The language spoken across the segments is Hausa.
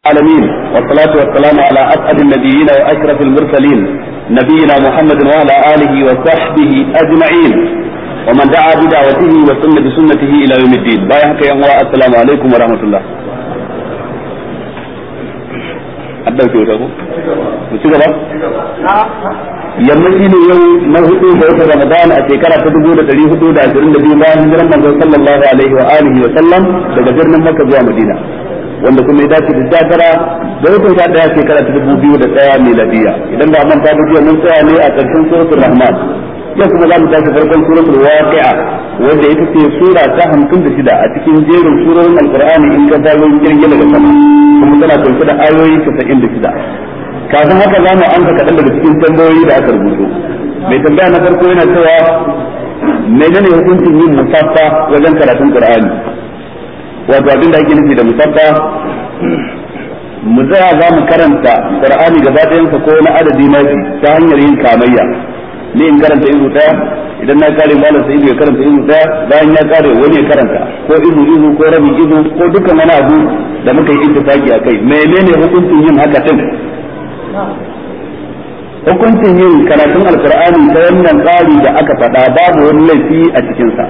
العالمين والصلاة والسلام على أسعد النبيين وأشرف المرسلين نبينا محمد وعلى آله وصحبه أجمعين ومن دعا بدعوته وسنة سنته إلى يوم الدين بارك يا السلام عليكم ورحمة الله أبدا في وشاكم yammaci ne yau na hudu da wata ramadan a shekara ta dubu da dari hudu da ashirin da biyu bayan hijiran manzon sallallahu alaihi wa alihi wa sallam daga birnin makka zuwa madina wanda kuma ya dace da dagara da wata ta daya shekara ta dubu biyu da daya miladiya idan ba man ta jiya mun tsaya ne a ƙarshen suratul rahman yau kuma za mu tashi farkon suratul waqi'a wanda ita ce sura ta hamsin da shida a cikin jerin surorin alqur'ani in ga dalolin jirgin daga sama kuma tana ɗauke da ayoyi casa'in da shida kafin haka za mu amsa kaɗan daga cikin tambayoyi da aka rubuto mai tambaya na farko yana cewa menene hukuncin yin musaffa wajen karatun qur'ani wato abinda ake nufi da musabba mu tsaya za mu karanta qur'ani gaba ɗayansa ko na adadi mafi ta hanyar yin kamayya ni in karanta izu daya idan na kare malam sai ya karanta izu daya bayan ya kare wani ya karanta ko izu izu ko rabi izu ko dukkan wani abu da muka yi ittifaki akai menene hukuncin yin haka din hukuncin yin karatun alkur'ani ta wannan tsari da aka faɗa babu wani laifi a cikinsa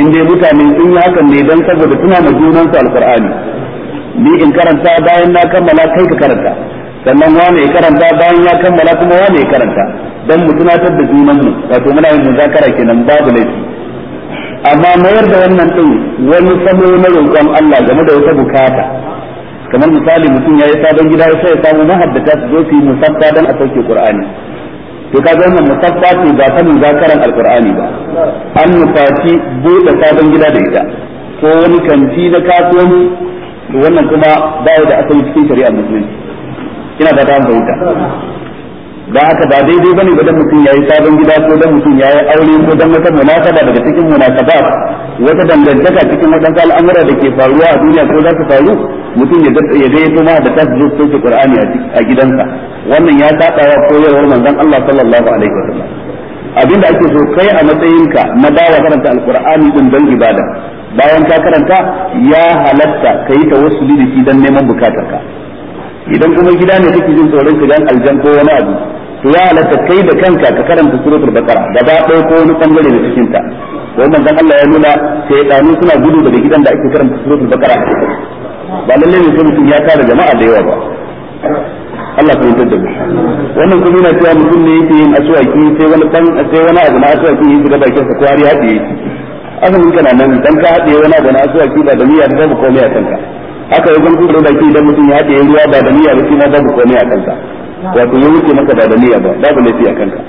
in dai mutane sun yi hakan ne don saboda suna ma junansu alkur'ani ni in karanta bayan na kammala kai ka karanta sannan wani ya karanta bayan ya kammala kuma wani ya karanta don mu tunatar da junanmu wato muna yin muzakara kenan babu laifi amma mayar da wannan din wani samo na roƙon Allah game da wata bukata kamar misali mutum ya yi sabon gida ya sai samu mahaddata su zo su yi musaffa don a sauke qur'ani to ka ga wannan musaffa ce ba ta karan alqur'ani ba an nufaci buɗe sabon gida da ita ko wani kanti na kasuwanci to wannan kuma ba da asali cikin shari'a musulunci ina da ta wuta da haka ba daidai bane ba dan mutum yayi sabon gida ko dan mutum yayi aure ko dan wata munasaba daga cikin ba wata dangantaka cikin wadansu al'amura da ke faruwa a duniya ko za su faru mutum ya ga yato ma da tasu zuwa sauke qur'ani a gidansa wannan ya saba wa koyarwar manzon Allah sallallahu alaihi wasallam abinda ake so kai a matsayinka na dawa karanta alqur'ani din dan ibada bayan ka karanta ya halatta kai ta da shi dan neman bukatarka idan kuma gida ne kake jin tsoron ka dan aljan ko wani abu to ya halatta kai da kanka ka karanta suratul baqara gaba ɗaya ko wani bangare da cikin ta wannan dan Allah ya nuna sai suna gudu daga gidan da ake karanta suratul baqara ba lalle ne sai mutum ya kare jama'a da yawa ba Allah ta mutunta mu wannan kuma yana cewa mutum ne yake yin aswaki sai wani dan sai wani abu na aswaki yake da bakin sa kwari ya tsaye asalin kana nan dan ka haɗe wani abu na aswaki ba da niyya da babu komai a kanka haka wajen kuma da baki idan mutum ya haɗe ruwa ba da niyya ba shi ma babu komai a kanka wato ya ke maka ba da niyya ba babu laifi a kanka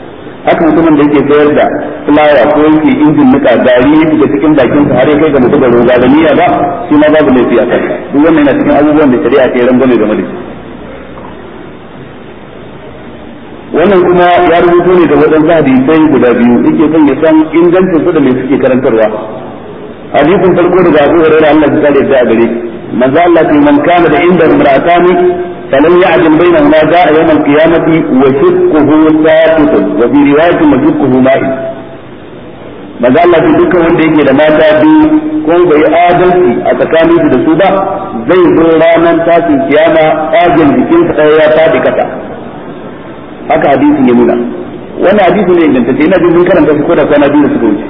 haka mutumin da yake sayar da fulawa ko yake injin nika gari ne da cikin bakin sa har ya kai ga mutum da niyya ba shi ma babu laifi a kai. duk wannan yana cikin abubuwan da shari'a ke rangwame game da shi wannan kuma ya rubuto ne da waɗansu hadisai guda biyu yake son ya san ingancin su da me suke karantarwa hadisin farko daga Abu Hurairah Allah ya kare ta gare manzo Allah ce man kana da inda imra'atani فلم يعدل بينهما جاء يوم القيامة وشقه ساقط وفي رواية وشقه مائل maza Allah ce dukkan wanda yake da mata biyu ko bai adalci a tsakanin su da su ba zai zo ranar tashin kiyama ajin jikin sa ya fadi kasa haka hadisin ya nuna wannan hadisin ne ingantacce ina jin mun karanta shi ko da kwana biyu da suka wuce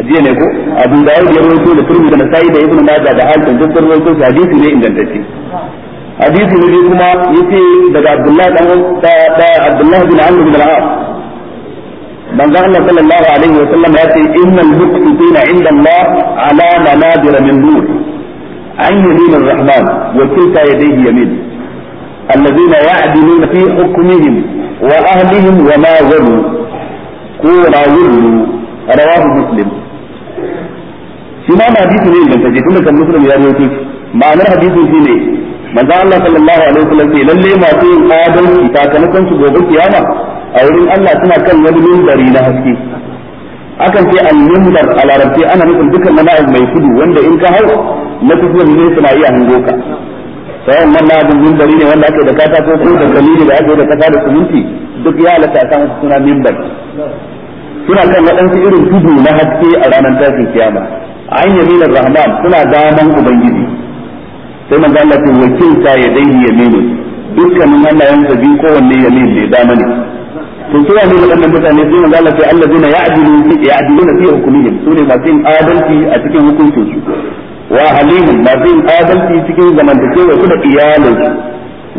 ajiya ne ko abu da ya rawaito da turmi da nasai da ibnu majah da hakim duk rawaito shi hadisin ne ingantacce حديث ابي كما يتي دغ عبد الله بن عبد الله بن عمرو بن العاص من قال صلى الله عليه وسلم ياتي ان المقسطين عند الله على منابر من نور عن يمين الرحمن وكلتا يديه يمين الذين يعدلون في حكمهم واهلهم وما ظلموا كونا ظلموا رواه مسلم شنو ما حديث مين من تجي كل كان مسلم يا ما معنى حديث مين manzo Allah sallallahu alaihi wasallam ce lalle masu yin adalci sakamakon su gobe kiyama a wurin Allah suna kan wani mimbari na haske akan ce al-mimbar a larabci ana nufin dukkan mana'ib mai kudu wanda in ka hau na tafiyan ne suna iya hango ka sayan man na'ibin mimbari ne wanda ake da katako ko da kalili da ake da kasa da suminti duk ya halatta a kan suna mimbar suna kan waɗansu irin tudu na haske a ranar tashin kiyama a an yaminar rahman suna daman ubangiji sai manzo Allah ce wakilta yadayhi yaminu dukkanin hannayensa biyu kowanne yamin ne dama ne to su ne waɗannan mutane sai manzo Allah ce allazina ya'dilu ya'diluna fi hukmihim sune masu yin adalci a cikin hukuncin su wa halimun masu yin adalci cikin zamantakewa su da iyalinsu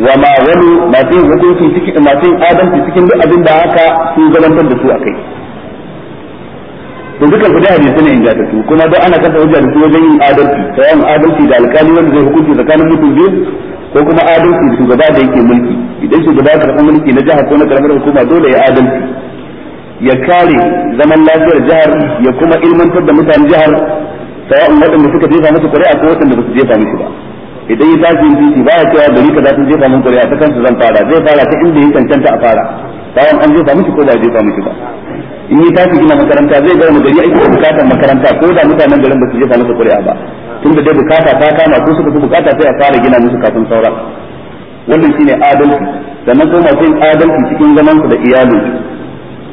wa ma wani masu yin hukunci cikin masu yin adalci cikin duk abin da haka sun zamantar da su a kai. to dukan ku da hadisi ne ingantattu kuma don ana kasa hujja da su wajen yin adalci sayan adalci da alkali wanda zai hukunci tsakanin mutum biyu ko kuma adalci da shugaba da yake mulki idan shugaba ya karɓi mulki na jihar ko na karamar hukuma dole ya adalci ya kare zaman lafiyar jihar ya kuma ilmantar da mutane jihar sawa'un waɗanda suka jefa musu ƙuri'a ko waɗanda ba su jefa musu ba idan ya tashi yin titi baya cewa gari za su jefa mun ƙuri'a ta kansu zan fara zai fara ta inda ya cancanta a fara bayan an jefa miki ko ba jefa mishi ba in yi tafi gina makaranta zai mu gari aiki ake bukatar makaranta ko da mutanen garin ba su jefa masa kuri'a ba tun da dai bukata ta kama ko suka fi bukata sai a fara gina musu kafin sauran wannan shine adalci sannan kuma sai adalci cikin zaman su da iyalin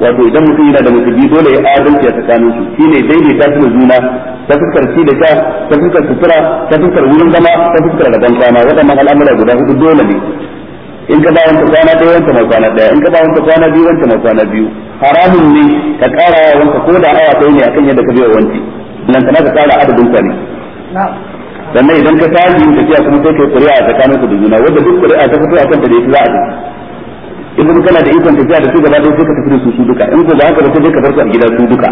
wato idan mutum yana da mutubi dole ya adalci a tsakanin su shine daidaita su da juna ta fuskar ci da sha ta fuskar sutura ta fuskar wurin zama ta fuskar rabon kwana waɗannan al'amura guda hudu dole ne in ka bayan ta kwana ɗaya wanka mai kwana ɗaya in ka bayan ta kwana biyu wanka mai kwana biyu haramun ne ka ƙara wa wanka ko da awa ɗaya ne a kan yadda ka biya wanki nan kana ka ƙara adadin kwani sannan idan ka tashi yin tafiya kuma sai kai ƙuri'a tsakanin ku da juna wanda duk ƙuri'a ta fito akan ta da yake za a tafi idan kana da ikon tafiya da su gaba ɗaya sai ka tafi da su su duka in ko ba haka ba sai ka bar su a gida su duka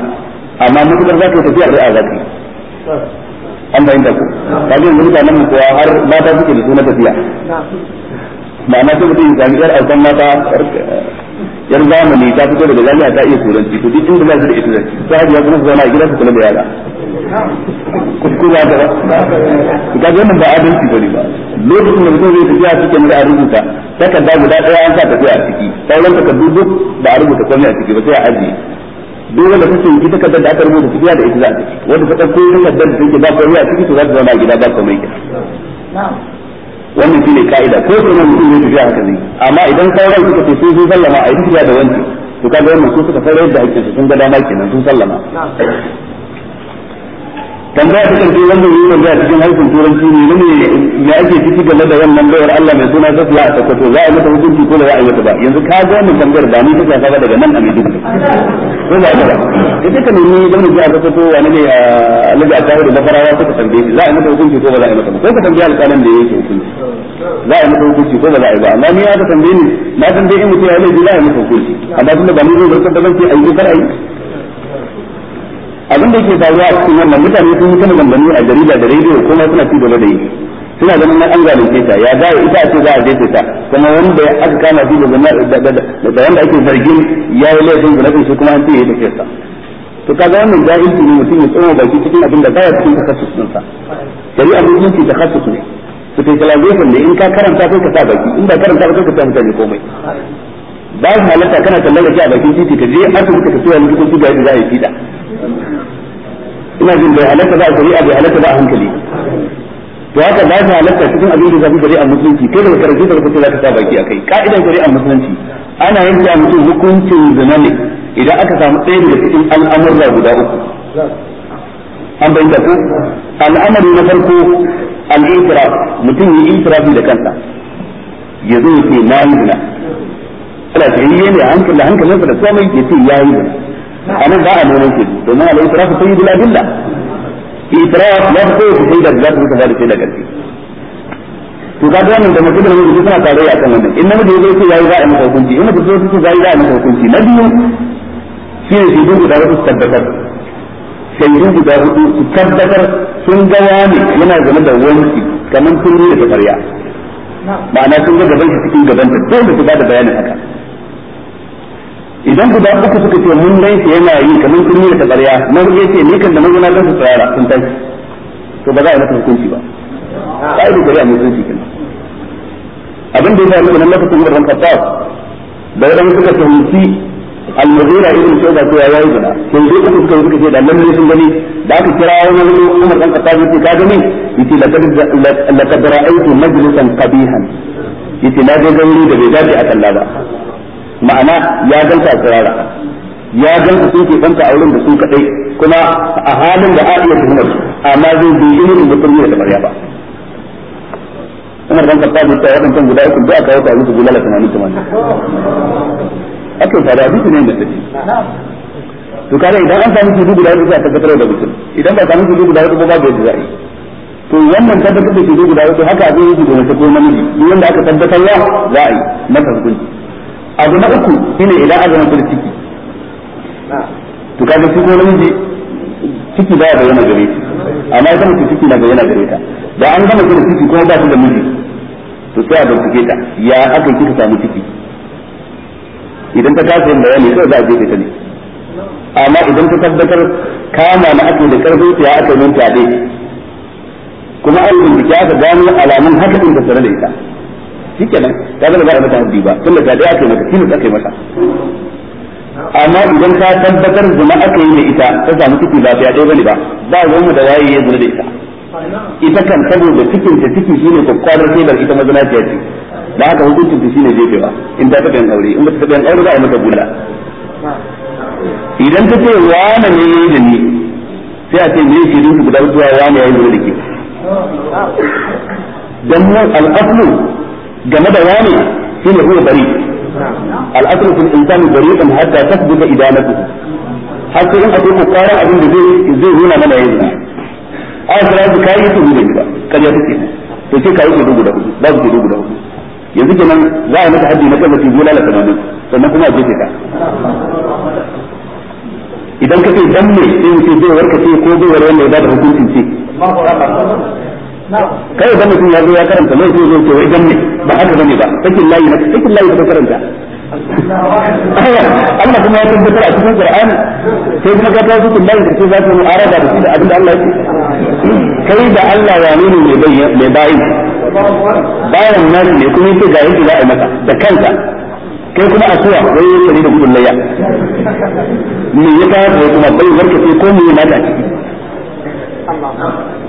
amma mutukar za ka yi tafiya ƙuri'a za ka yi an bayyana ku kaje yanzu mutanen mu kuwa har mata suke da suna tafiya ma'ana sai mutum ya sami yar azan mata yar zamani ta fito daga zamiya ta iya turanci to duk inda za su da ita zai ta hajiya kuma su zama a gidan su kula da yara kuskura da ba ga wannan ba adalci bane ba lokacin da mutum zai tafiya cikin da a rubuta takarda guda daya an sa tafiya a ciki sauran takardu duk ba a rubuta komai a ciki ba sai a ajiye duk wanda kake yi takardar da aka rubuta tafiya da ita za a ciki wanda ka ɗauko takardar da take ba komai a ciki to za ta zauna a gida ba komai kenan wannan shi ne ka'ida ko su ne mutum ne tafiya haka ne amma idan sauran suka ce sun sallama a yi tafiya da wanci to kaga wannan su suka fara yadda hakkin sun ga dama sun sallama tambaya ta karshe wanda yi tambaya cikin harshen turanci ne ne me ake ciki game da wannan bayar Allah mai suna Safiya a ko za a mata hukunci ko da za a yi mata ba yanzu ka ga wannan tambayar ba ni ta saba daga nan a Maiduguri ko za a ba ita ka nemi da mun ji a Sokoto wani ne a Alhaji Atahiru da Farawa ta tambaye ni za a yi mata hukunci ko ba za a yi mata ba ko ka tambaye alƙalan da yake hukunci za a yi mata hukunci ko ba za a yi ba amma ni ya ka tambaye ni na tambaye in mutum ya laifi za a yi mata hukunci amma tunda ba ni zai zartar da zan ce a yi ko abin da yake faruwa a cikin wannan mutane sun yi kana gambani a jarida da rediyo kuma suna ci gaba da yi suna ganin nan an zalunce ta ya dawo ita ce za a jefe ta kuma wanda aka kama shi da da wanda ake zargin ya yi laifin zunubin shi kuma an ce ya tafi sa to kaga wannan jahilci ne mutum ya tsoma baki cikin abin da baya cikin takassus ɗinsa shari'a musulunci takassus ne ne in ka karanta sai ka sa baki in ba karanta ba sai ka sa mutane komai ba halatta kana kallon da a bakin titi ka je asibiti ka tsaya likitoci ga yadda za a yi fida ina jin bai halatta ba a shari'a bai halatta ba a hankali to haka za su halatta cikin abin da zafi shari'a musulunci kai daga karfi da rubutu za ka sa baki a kai ka'idan shari'a musulunci ana yanke mutum hukuncin zina ne idan aka samu ɗaya daga cikin al'amurra guda uku an bayyana ko al'amari na farko al mutum ya itirafi da kansa ya zo ya ce na yi zina ana yi ne a hankali hankalinsa da komai ya ce ya yi zina anan ba a neman shaidu domin al israfu sai bil adilla israf ya fi sai shaida da zai ka bada shaida karfi to ga da da mutum da mutum suna tare a kan wannan in namiji zai ce yayi za a masa hukunci in mutum zai ce yayi za a masa hukunci na biyu shi ne shaidun guda hudu su tabbatar shaidun guda hudu su tabbatar sun ga wani yana zama da wanki kamar sun da ta karya ma'ana sun ga gaban shi cikin gaban ta dole su ba da bayanin haka idan guda uku suka ce mun dai sai yana yi kamar kurmi da tabarya na ya ce ni kan da mazuna don su tsara sun tashi to ba za a yi masa hukunci ba Ba ka'idu gari a mutunci kenan abin da ya zama nan lokacin da ran fatah da ran suka fahimci al-mughira ibn shuba ko yayi gana sai dai uku suka suka ce da nan ne sun gani da aka kira wani wani Umar dan Khattab yace ka gani yace laqad laqad ra'aytu majlisan qabihan yace na zai gani da bai dace a kalla ba ma'ana ya ganta a tsirara ya ganta sun ke a wurin da sun kadai kuma a halin da a iya hunar amma zai bi irin da turmi da kamar ba Umar ta Khattab ya tsaya guda uku da aka yi ta musu gulala tunanin tunani aka yi tsada bisu ne da tafi to kare idan an samu su guda uku sai a tabbatar da mutum idan ba samu su guda uku ba ba yadda za'a to wannan tabbatar da shi guda uku haka abin yake da mace ko namiji duk wanda aka tabbatar ya za a yi masa hukunci abu na uku shine idan an zama da ciki to kaga shi ko namiji ciki baya da yana gare shi amma idan mutum ciki na yana gare ta da an gama da ciki kuma ba shi da miji to sai a bincike ta ya aka kika samu ciki idan ta kasa yin bayani sai za a je ta ne amma idan ta tabbatar kama na ake da karfin ta ya aka yi ta dai kuma an bincike aka gano alamun haka din da tare da ita shikenan zama za a mata haddi ba da ta daya ake mata kinu ake mata amma idan ka tabbatar zuma aka yi da ita ta samu ciki ba ta yaɗe bane ba ba ruwan da waye ya zuna da ita ita kan saboda cikin ta ciki shine kokkarar tebar ita mazana ta ce da haka hukuncin ta shine jefewa in ta taɓa yin aure in ba ta taɓa yin aure za a mata bula idan ta ce wane ne ya yi da ni sai a ce me yake nufi guda zuwa wane yayi da ke dan mu al-aslu game da wani shine huwa bari al'asr fil insani bari'un hatta tasbuta idanatu har sai in akwai kokarin abin da zai zai nuna mana yanzu a sara su kayi su da gida kariya take to sai kayi su da hudu ba su da hudu yanzu kenan za a mata haji na kan mutum gona la tamanin sannan kuma a jefe ka idan ka ce dan mai sai mutum zai warka ce ko zai warware mai ba da hukuncin ce kai da mutum ya zo ya karanta laifi zai ce wai dan ba haka bane ba sakin layi na sakin layi ka karanta Allah kuma ya tabbatar a cikin Qur'ani sai kuma ka ta sakin layi da za su arada da shi da abin da Allah ya ce kai da Allah ya ne mai bayin mai bayin bayan nan ne kuma yake ga yake za a maka da kanka kai kuma a suwa wai yake ne da gudun layya me ya kawo kuma bai warke ko me ya mata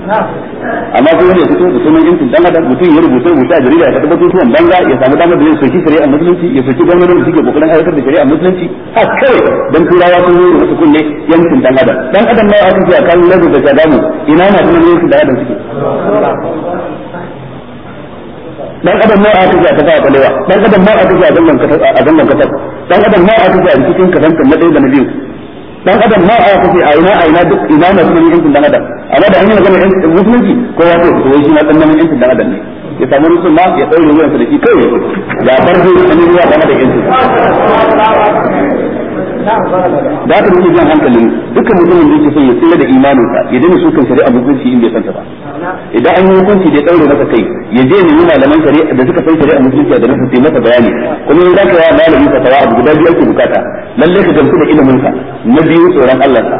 amma ko wanda ya fito da sunan yancin dan adam mutum ya rubuta rubuta jarida ya tabbatar tuwon banza ya samu damar da zai soki shari'a musulunci ya soki gwamnatin da suke kokarin aiwatar da shari'a musulunci a kai dan turawa sun yi wasu kunne yankin dan adam dan adam ma aka ce a kan lazu da shadamu ina na tunan yancin dan adam suke dan adam ma aka ji a kafa kwalewa dan adam ma aka ji a zangon kasar dan adam ma aka ji a cikin kasan kan na da na biyu dan adam ma a kace a ina a ina duk ina na sunan yankin dan adam amma da hanyar gane magana yankin musulunci ko ya ce to shi na dan nan yankin dan adam ne ya samu ma ya tsaye ne wannan da shi kai ya bar da an yi ruwa game da yankin da haka muke jan hankalin dukkan mutumin da yake son ya tsira da imaninsa ya ya daina sukan shari'a mutunci in bai santa ba idan an yi hukunci da ya daure masa kai ya je ne yana da mankare da suka san shari'a mutunci da nasu sai masa bayani kuma in zaka yawa malami ka tawa abu guda biyu ake bukata lalle ka gamsu da ilimin sa na biyu tsoron Allah sa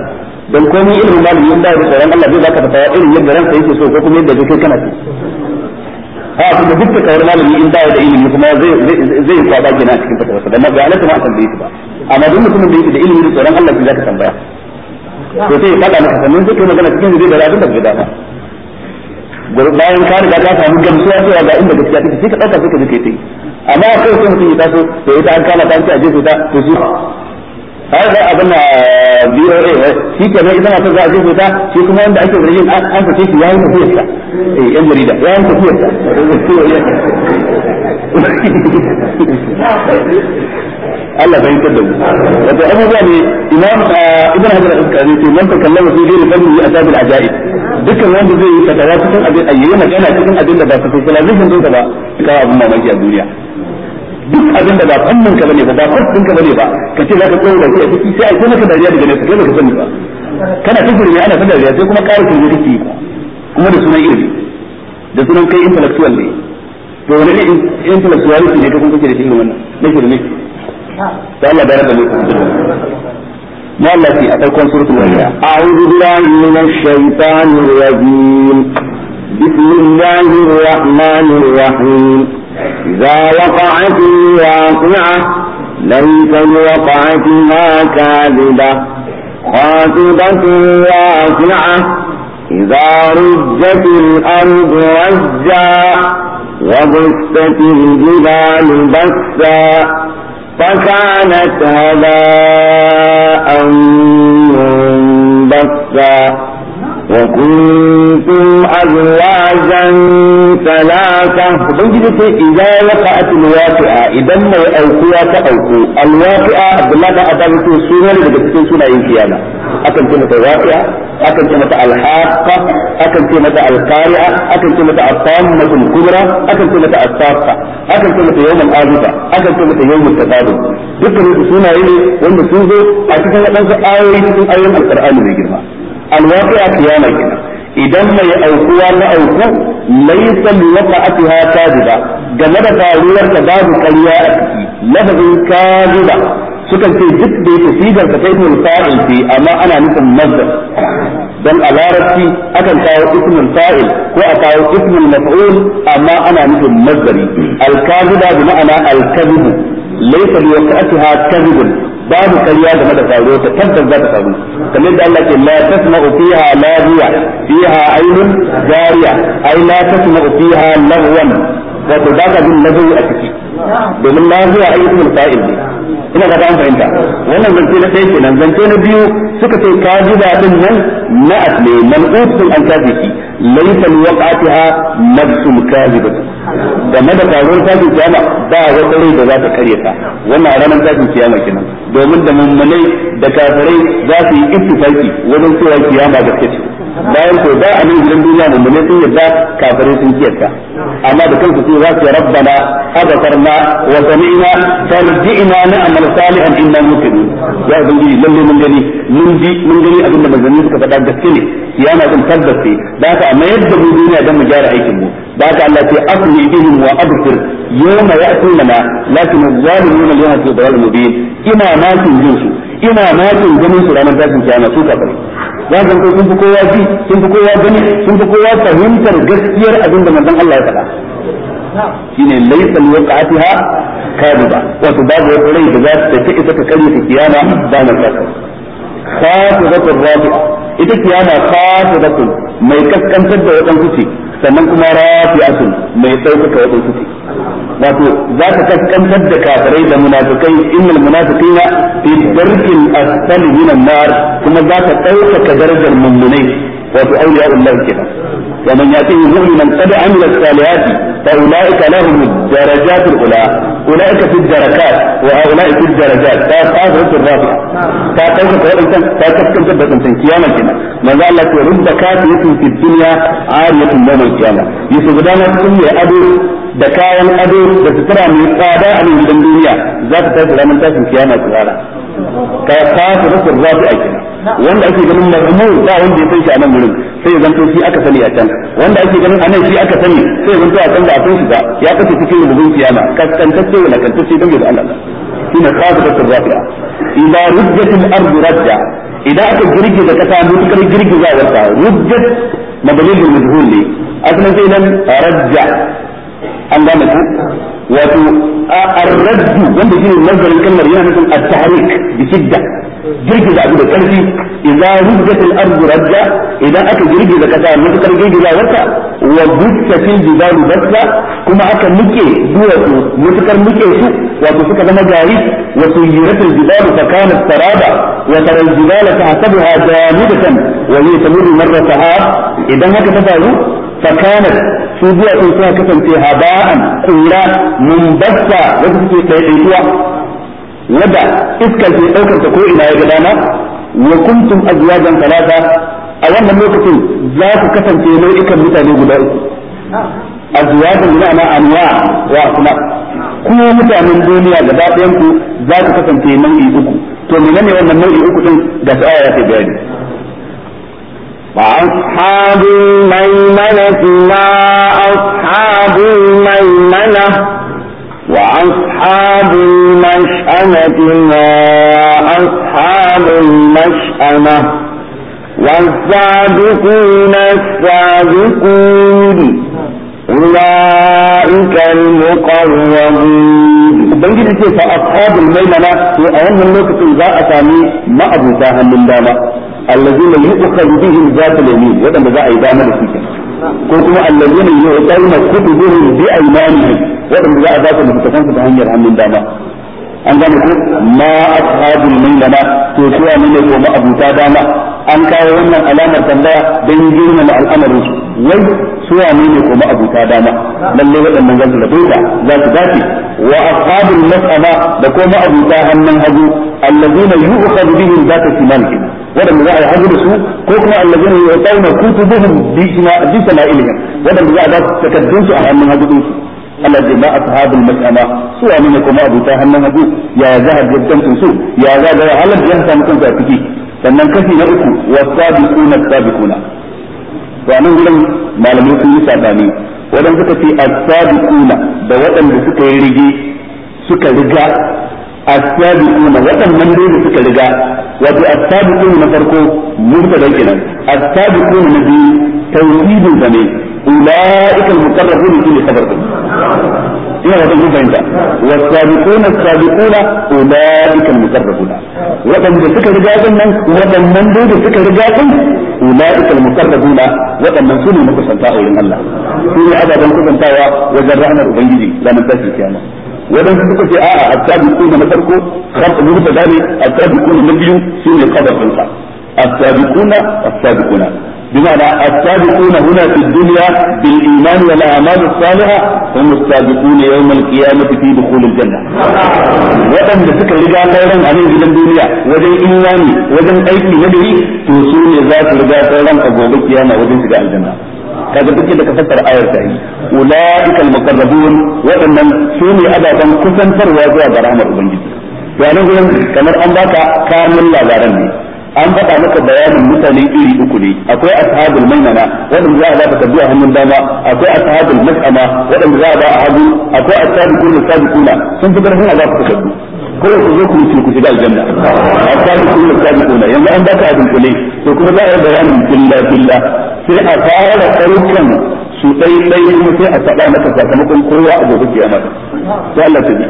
dan komai ilimin malami in ba da tsoron Allah zai zaka fatawa irin yadda ranka yake so ko kuma yadda kai kana so ha ku da duk da kawar malami in ba da ilimi kuma zai zai zai kwaba gina cikin fatawa da ma ga alaka ma san da ba amma duk mutumin da yake da ilimi da tsoron Allah zaka tambaya to sai ya fada maka sannan sai kai magana cikin zai da abin da bai ba bayan ka riga ka samu gamsuwa cewa ga inda gaskiya take sai ka dauka sai ka je kai tai amma kai sai mutum ya taso to ita an kama ta a su ta to shi har da abin na eh, BOA eh, shi ke mai idan za a jefe ta shi kuma wanda ake zargin an ce shi yayin tafiyar sa eh yan jarida yayin tafiyar ta. Allah bai kada mu wato abubuwa ne imam ah, ibn hajar al-asqalani ce man al-ajaib dukkan wanda zai yi cikin abin ayyuka cikin abin da ba ka zai zo ba ka a duniya duk abin da ba fannin ka bane ba ba fannin ka bane ba ka ce tsoro da kai sai ai maka dariya daga nesa kai sani ba kana ne ana sai kuma kuma kake kuma da sunan ilimi da sunan kai intellectual ne to wani ne ne ka kun kake da shi wannan nake da nake da بارك الله فيكم ما التي أتلكم سورة الأنبياء أعوذ بالله من الشيطان الرجيم بسم الله الرحمن الرحيم إذا وقعت الواقعة ليس لوقعتها كاذبة خاطبة واقعة إذا رجت الأرض رجا وبست الجبال بسا فكانت هباء منبثا وكنتم أزواجا ثلاثة بجد إذا وقعت الواقعة إذا ما أوقوا تأوقوا الواقعة بلغ أبنتو سنة لبكتو سنة إن كيانا أكن كنت واقعة akan ce mata alhaqa akan ce mata alqari'a akan ce mata at-tammatul kubra akan ce mata as-safa akan ce mata yawmul azifa akan ce mata yawmul tadabur dukkan su sunaye ne wanda sun zo a cikin wadansu ayoyi cikin ayoyin alqur'ani mai girma alwaqi'a kiyama kenan idan mai aukuwa na auku laysa liwaqa'atiha kadiba game da faruwar ta babu ƙarya a ciki lafazin kadiba sukan ce duk da yake sigar ta ismul fa'il ce amma ana nufin mazdar dan a larabci akan kawo ismin fa'il ko a kawo ismul maf'ul amma ana nufin mazdari al-kadhiba bi ma'ana al-kadhibu laysa li waqatiha kadhibun babu kariya game da faruwa ta tabbas za ta faru kamar da Allah ke la tasma'u fiha lahiya fiha aynun jariya ay la tasma'u fiha lahwan wato ba ka jin lagu a ciki domin lahiya ayyukan fa'il ne ina ga an fahimta wannan zance na ɗaya kenan zance na biyu suka ce ba din nan na asli man usul an kafi ki laysa waqatiha nafsul kadibatu game da faruwar tashin kiyama ba wata rai da za ta karye ta wannan ranar tashin kiyama kenan domin da mummunai da kafirai za su yi ittifaki wajen cewa kiyama gaske ce bayan ko ba a nan gidan duniya mummune sun yadda kafirai sun kiyarta amma da kansu sun za su rabbana abasarna wa sami'na farji'na na amal salihan inna muqinun ya ubangiji lalle mun gani mun ji mun gani abin da manzanni suka faɗa gaske ne kiyama sun tabbace da haka amma yadda mu duniya don mu gyara aikin mu Ba ta Allah ce afli bihim wa absir yawma ya'tunna lakin az-zalimun al-yawma fi dhalal mubin ina ma kin jin su ina ma kin ganin su ranar tashin kiyama su kafir za ka ko sun fi kowa ji sun fi kowa gani sun fi kowa fahimtar gaskiyar abin da manzon Allah ya faɗa shine laysa liwaqatiha kadiba wato babu wata rai da za ta ta isa ta kare ta kiyama ba na kasa khafidatur rafi'a ita kiyama khafidatun mai kaskantar da wajen ce sannan kuma asin mai ɗaukaka wajen ce wato za ka kaskantar da kafirai da munafikai innal munafiqina fi darkin asfali minan nar kuma za ka ɗaukaka darajar mummunai wato auliya'ullahi kenan ومن يأتيه مؤمنا قد عمل الصالحات فأولئك لهم الدرجات الأولى أولئك في الدركات وهؤلاء في الدرجات فآخرة الرابعة فأخرة الرابعة فأخرة الرابعة كياما كنا ما قال لك رب كافية في الدنيا عارية يوم القيامة يسجدان الدنيا أبو دكايا أبو بس ترى من قادة عن الدنيا ذات تجرى من تاسم كياما كنا ka kafa da kurrafi a kina wanda ake ganin mazmu ba wanda ya san a nan gurin sai ya zanto shi aka sani a can wanda ake ganin anan shi aka sani sai ya zanto a can da a san shi ba ya kace cikin rubutun kiyama kaskantacce wala kantacce dan da Allah shine kafa da kurrafi idza rujjatil ardu rajja idan aka da kasa mutukar girgizawar ta rujjat madalilul majhul ne asalin sai nan rajja an gane ku wato a radd wanda shine nazarin kalmar yana nufin at-tahrik bi shidda girgiza abu da karfi idan rujjat al-ard rajja idan aka girgiza kasa mutakar girgiza wata wa dukkat al-jibal batta kuma aka muke duwatsu mutakar muke su wato suka zama gari wa suyirat al-jibal fa kanat saraba wa tara al-jibala tahsabuha jamidatan wa hiya tamurru marra sahab idan haka ta faru fa kanat su biya sun suna kasance haba'an kura mumbassa wasu suke kai wadda iskar ke ɗaukar ta ko ina ya ga dama wa kuntum azwajan talata a wannan lokacin za ku kasance nau'ikan mutane guda uku azwajan ma'ana anwa wa kuma ku mutanen duniya gaba ɗayan ku za ku kasance nau'i uku to menene wannan nau'i uku din da ta aya ta bayani وأصحاب الميمنة ما أصحاب الميمنة وأصحاب المشأمة ما أصحاب المشأمة والسابقون السابقون أولئك المقربون Ubangiji ce fa ashabul maimana to a wannan lokacin za a sami ma'abuta hannun dama allazina yu'khadhu bihim zatu yamin wadanda za a yi dama da su ko kuma allazina yu'tayna kutubuhum bi aymanihim wadanda za a ba su mutakansu ta hanyar hannun dama an gane ko ma ashabul maimana to su ne ne ko ma'abuta dama an kawo wannan alamar tambaya girma girmama al'amarin su wai su ne ne ko ma'abuta dama lalle waɗannan zan da doka za su dace wa ashabul mas'ala da ko ma'abuta hannun hagu allazina yu'khadhu bihim zata siman kenan wadanda za a yi hagu da su ko kuma yi ya allazina yu'tawna kutubuhum bi shama'ilihim wadanda za a ba takaddun su a hannun hagu din su Allah ya ba ashabul mas'ala su wa mun kuma abuta hannun hagu ya za a gaddan su ya za ga halar da ya samu kansu a ciki sannan kashi na uku wasabiquna sabiquna to anan gudan malamai sun yi sabani wadanda suka ce as-sabiquna da wadanda suka yi rige suka riga as-sabiquna waɗannan dai da suka riga wato as-sabiquna na farko mubtada kenan as-sabiquna na biyu tawhidin zane ulaika al-muqarrabuna fi khabarkum ina da kun fahimta was-sabiquna as-sabiquna ulaika al-muqarrabuna da suka riga din nan waɗannan dai da suka riga din ulaika al-muqarrabuna waɗannan su ne makusanta a wurin Allah su ne ababen kusantawa wajen rahmar ubangiji ranar tashin kiyama wadan suka ce a'a as-sabiqun na farko khabar mun da ne as-sabiqun na biyu shine khabar بمعنى السابقون هنا في الدنيا بالإيمان والأعمال الصالحة هم السابقون يوم القيامة في دخول الجنة وأن ذكر رجع خيرا في الدنيا وجن إيماني وجن أيدي نبي توصول ذات رجع خيرا أبو القيامة وجن رجع الجنة kaga duk da ka fassara ayar ta yi ulaika almuqarrabun wadannan su ne ababan kusantarwa zuwa ga rahmar ubangiji to anan gurin kamar an baka kamun labaran ne an faɗa maka bayanin mutane iri uku ne akwai ashabul maimana wadanda za a ba ta tabbiya hannun dama akwai ashabul mas'ama wadanda za a ba a hagu akwai ashabul kullu sabiquna sun fi karfin a ta tabbiya kawai ku zo ku mutu ku shiga aljanna a sabi kun da sabi kuna yanzu an baka abin kule to kuma za a yi bayanin billa billa sai a fara ɗaukan su ɗai ɗai kuma sai a faɗa maka sakamakon kowa a gobe kiyama sai Allah ta bi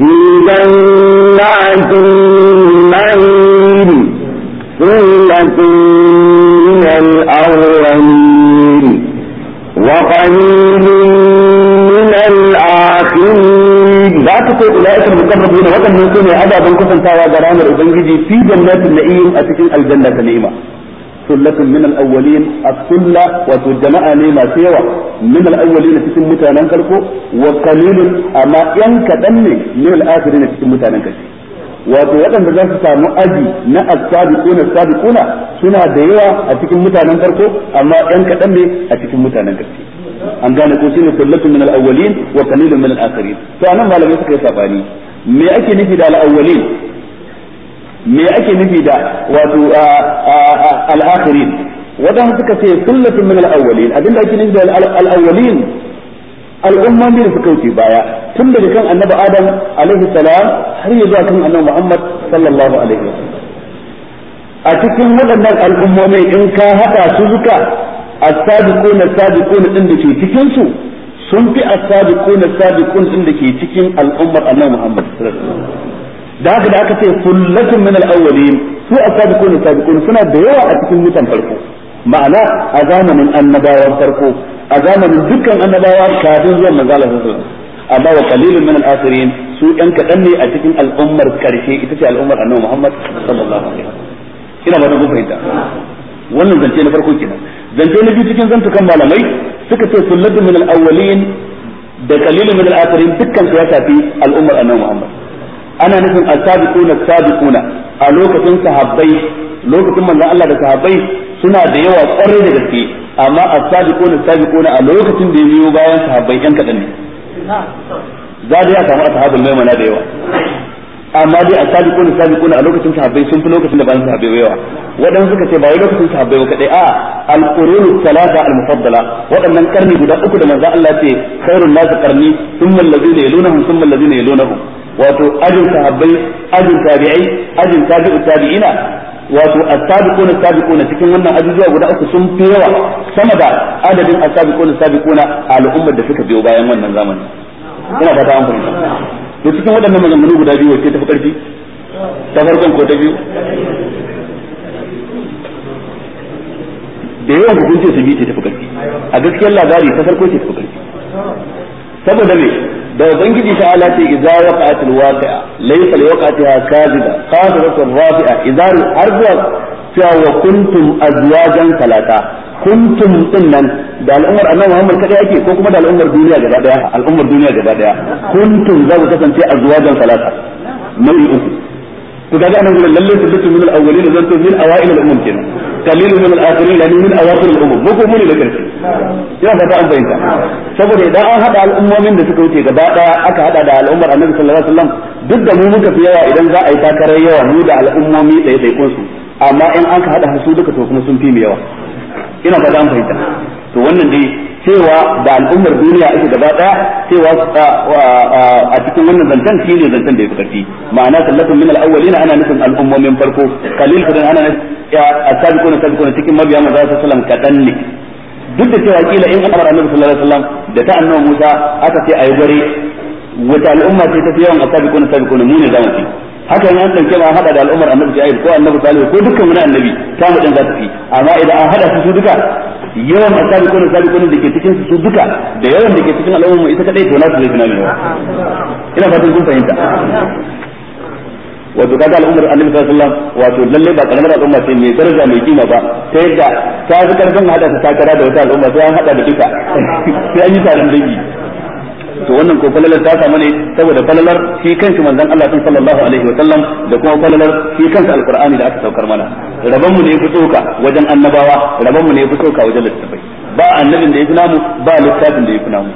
في جنات النعيم ثلة من الأولين وقليل da aka ce ulaiikal muqarrabun wadannan su ne ababen kusantawa ga ranar ubangiji fi jannatin na'im a cikin aljanna ta ni'ima sullatun min al-awwalin as-sulla wato jama'a ne masu yawa min al-awwalin cikin mutanen farko wa qalilun amma yan kadan ne min al-akhirin cikin mutanen karshe wato waɗanda za su samu aji na as-sabiquna as-sabiquna suna da yawa a cikin mutanen farko amma yan kadan ne a cikin mutanen karshe an gane ko shine kullatun min al-awwalin wa qalilun min al-akhirin to anan malamai suka yi sabani me ake nufi da al-awwalin me ake nufi da wato al-akhirin wadan suka ce kullatun min al-awwalin abinda ake nufi da al-awwalin al'ummomi da suka wuce baya tun daga kan annabi adam alaihi salam har ya zuwa kan annabi muhammad sallallahu alaihi wasallam a cikin waɗannan al'ummomi in ka haɗa su zuka as-sabiquna as-sabiquna din da ke cikin sun fi as-sabiquna as-sabiqun din da ke cikin al'ummar Annabi Muhammad da haka da aka ce sullatun min al-awwalin su as-sabiquna as-sabiqun suna da yawa a cikin mutan farko ma'ana a zamanin annabawan farko a zamanin dukkan annabawa kafin zuwan manzo Allah sallallahu alaihi wasallam amma wa qalilun min al ɗan ne a cikin al'ummar karshe ita ce al'ummar Muhammad ina ba fahimta wannan zance na farko zance na biyu cikin zantukan malamai suka ce sullatu min al-awwalin da qalilu min al-akhirin dukkan su ya shafi al'ummar annabi Muhammad ana nufin as-sabiquna sabiquna a lokacin sahabbai lokacin manzon Allah da sahabbai suna da yawa kwarai da gaske amma as-sabiquna sabiquna a lokacin da ya biyo bayan sahabbai yan kadan ne za da ya samu ashabul maimuna da yawa amma dai a sabiqun sabiqun a lokacin sahabbai sun fi lokacin da bayan sahabbai yawa wadan suka ce ba wai lokacin sahabbai ba kadai a al-qurun salata al-mufaddala wadannan karni guda uku da manzo Allah ce khairun nas qarni thumma alladhina yalunahum thumma alladhina yalunahum wato ajin sahabbai ajin tabi'ai ajin tabi'u tabi'ina wato as-sabiquna as-sabiquna cikin wannan ajujuwa guda uku sun fi yawa sama da adadin as-sabiquna as-sabiquna al'ummar da suka biyo bayan wannan zamani ina fata an fahimta da cikin waɗannan maganganu guda biyu wacce tafi ƙarfi ta farkon ko ta biyu da yawan hukunci su biyu ce tafi ƙarfi a gaskiyar labari ta farko ce tafi ƙarfi saboda me da ubangiji sha ala ce idza waqa'at alwaqi'a laysa liwaqatiha kadhiba qadiratun rafi'a idza har zuwa cewa wa kuntum azwajan talaka kuntum din nan da al'ummar annabi Muhammad kada yake ko kuma da al'ummar duniya gaba daya al'ummar duniya gaba daya kuntum za ku kasance azwajan talata nau'i uku to kaga anan gurin lalle tabbatu min al-awwalin zan to min awail al-umam kenan qalil min al-akhirin la min awakhir al-umam mu ko mun da karshe ya fata an bayyana saboda idan an hada al'ummomin da suka wuce gaba daya aka hada da al'ummar annabi sallallahu alaihi wasallam duk da mu muka fi yawa idan za a yi takarar yawa mu da al'ummomi ɗaya ɗaya su amma in an ka hada su duka to kuma sun fi mu yawa ina ba za mu fahimta to wannan dai cewa da al'ummar duniya ake gaba daya cewa a cikin wannan zancen shi ne zancen da ya fi ma'ana sallatun min al-awwalina ana nufin al'ummomin farko kalil kadan ana asabiquna sabiquna cikin mabiya manzo sallallahu salam wasallam kadan ne duk da cewa kila in amara annabi sallallahu alaihi wasallam da ta annabi Musa aka ce ayi gare wata al'umma ce ta fi yawan asabiquna sabiquna mu ne zamu haka ne an dauke ma hada da al'ummar annabi shayib ko annabi salihu ko dukkan wani annabi ta mu din za fi amma idan an hada su duka yawan asabiquna asali da ke cikin su duka da yawan da ke cikin al'umma ita kadai to na su zai tunani ina fatan kun fahimta wato kaga al'ummar annabi sallallahu alaihi wasallam wato lalle ba karamar al'umma sai mai daraja mai kima ba ta yadda ta fi karfin hada ta takara da wata al'umma sai an hada da duka sai an yi tarin dangi to wannan ko falalar ta samu ne saboda falalar shi kanshi manzon Allah sallallahu alaihi wa sallam da kuma falalar shi kansa alqur'ani da aka saukar mana rabanmu ne ya wajen annabawa rabanmu ne ya wajen littattafai ba annabin da ya fi namu ba littafin da ya fi namu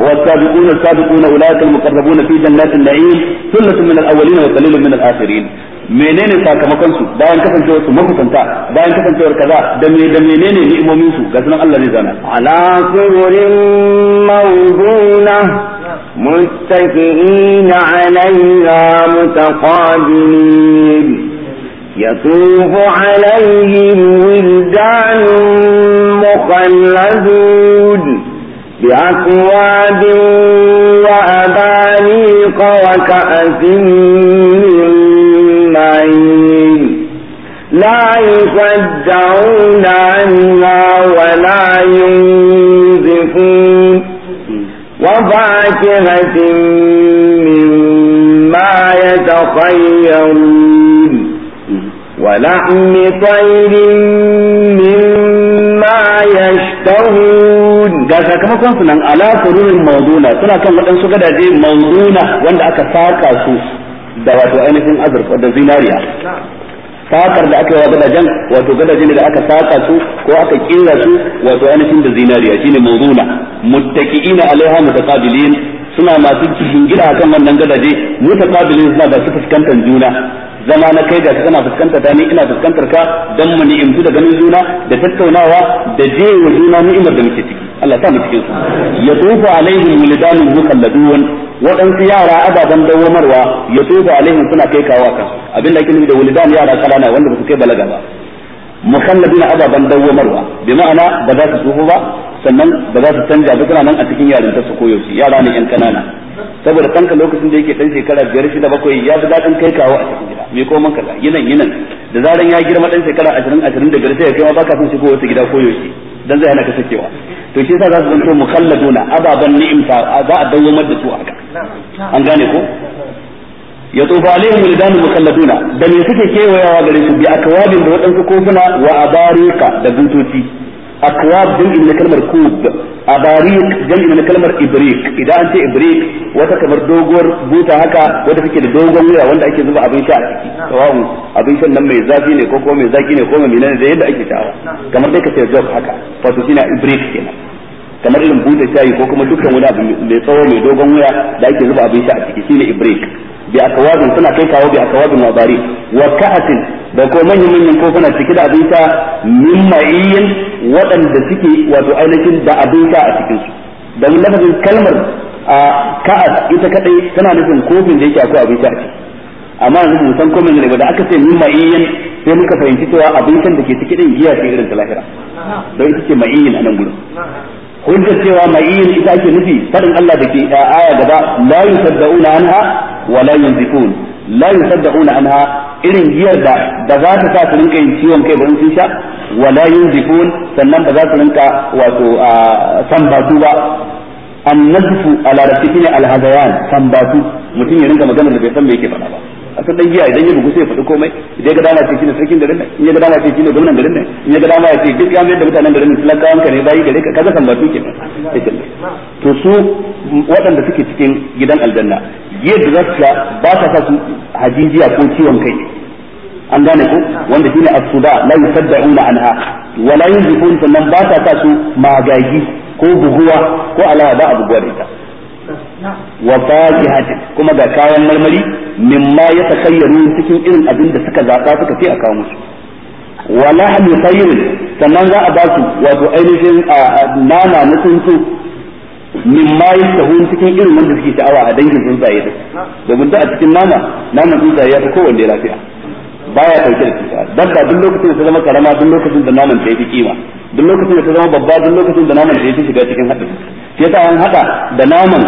والسابقون السابقون أولئك المقربون في جنات النعيم ثلة من الأولين وقليل من الآخرين menene sakamakon su bayan kasancewar su mafutanta bayan kasancewar kaza da me da menene ni'imomin su ga sunan Allah zai zana ala sururin mawduna muttaqina alayha mutaqabilin يطوف عليهم ولدان مخلدون بأكواب وأبانيق وكأس من معين لا يصدعون عنها ولا ينزفون وفاكهة مما يتخيرون ولحم طير مما يشتهون ga sakamakon su nan ala fururin mauduna suna kan waɗansu gadaje mauduna wanda aka saka su da wato ainihin azurfa da zinariya sakar da aka yi wa gadajen wato gadaje ne da aka saka su ko aka kira su wato ainihin da zinariya shine mauduna muttaqiina alaiha mutaqabilin suna masu cikin gida akan wannan gadaje mutaqabilin suna da su fuskantar juna zama na kai gashi kana fuskantar da ni ina fuskantar ka dan mu ni'imtu da ganin juna da tattaunawa da jewa juna ni'imar da muke ciki Allah ta mu cikin su ya tufa alaihim wuldanun mukhalladun waɗansu yara ababen dawamarwa ya tufa alaihim suna kai kawo kan abin da ake da wuldan yara kalana wanda ba su kai balaga ba mukhalladun ababen dawamarwa bi ma'ana ba za su tsufa ba sannan ba za su canja ba suna nan a cikin yarinta su koyaushe yara ne yan kanana saboda kanka lokacin da yake dan shekara biyar shida bakwai ya fi daɗin kai kawo a cikin gida mai koman kaza yinan yinan da zaran ya girma dan shekara ashirin ashirin da biyar sai ya kai ma baka son shigo wata gida ko yaushe dan zai hana ka sakewa to shi yasa za su zanto mukhalladuna ababan ni'imta za a dawwamar da su haka an gane ko ya tsofa alaihim wildanu mukhalladuna da me suke kewayawa gare su bi akwabin da waɗansu kofuna wa abarika da butoci akwab jam'i na kalmar kub abariq jam'i na kalmar ibrik idan an ce ibrik wata kamar doguwar buta haka wanda take da dogon wuya wanda ake zuba abin sha a ciki tawawun abin shan nan mai ne ko kuma mai da yadda ake tawa kamar dai ka ce jog haka ko kuma dukkan wani abu mai mai dogon wuya da ake zuba abin sha a ciki shine ibrik bi akwabin suna kai kawo bi akwabin mabari wa ka'atin da ko manyan manyan kofuna cike da abin sha min waɗanda suke wato ainihin da abin a cikin su domin lafazin kalmar a ka'at ita kadai tana nufin kofin da yake a ciki amma yanzu san komai ne da aka ce mun ma'iyyin sai muka fahimci cewa abincin da ke ciki din giya ce irin ta don ita ce ma'iyyin a nan gurin hujjar cewa ma'iyyin ita ake nufi fadin Allah da ke aya gaba la yusaddauna anha wa la yunzifun la yusaddauna anha irin giyar da da za ta sa su rinka yin ciwon kai ba in sun sha wa la yunzifun sannan ba za su rinka wato sambatu ba annazfu a larabci shine alhazayan sambatu mutum ya rinka magana da bai san me yake faɗa ba akan dan giya idan ya bugu sai ya faɗi komai idan ya ga dama ce sarkin garin nan in ya ga dama ce shine gwamnan garin nan in ya ga dama ya ce duk ya mai da mutanen garin nan talakawan ka ne bayi gare ka kaga san ba tuke to su waɗanda suke cikin gidan aljanna yadda za su ba ta sa su hajijiya ko ciwon kai an gane ko wanda shine as-suda la yusaddauna anha wa la yunzifun sannan ba ta sa su magagi ko buguwa ko alawa ba a buguwa da ita wa kuma ga kayan marmari mimma ya takayyaru cikin irin abin da suka zaba suka ce a kawo musu wa lahmi sannan za a ba su wato ainihin nama na tsuntsu min ma yastahun cikin irin wanda suke sha'awa a dangin tsuntsaye da domin da a cikin nama naman tsuntsaye ya fi kowanne lafiya baya kauke da cuta dabba duk lokacin da ta zama karama duk lokacin da naman ta yi kima duk lokacin da ta zama babba duk lokacin da naman ta yi shiga cikin hadin shi yasa an hada da naman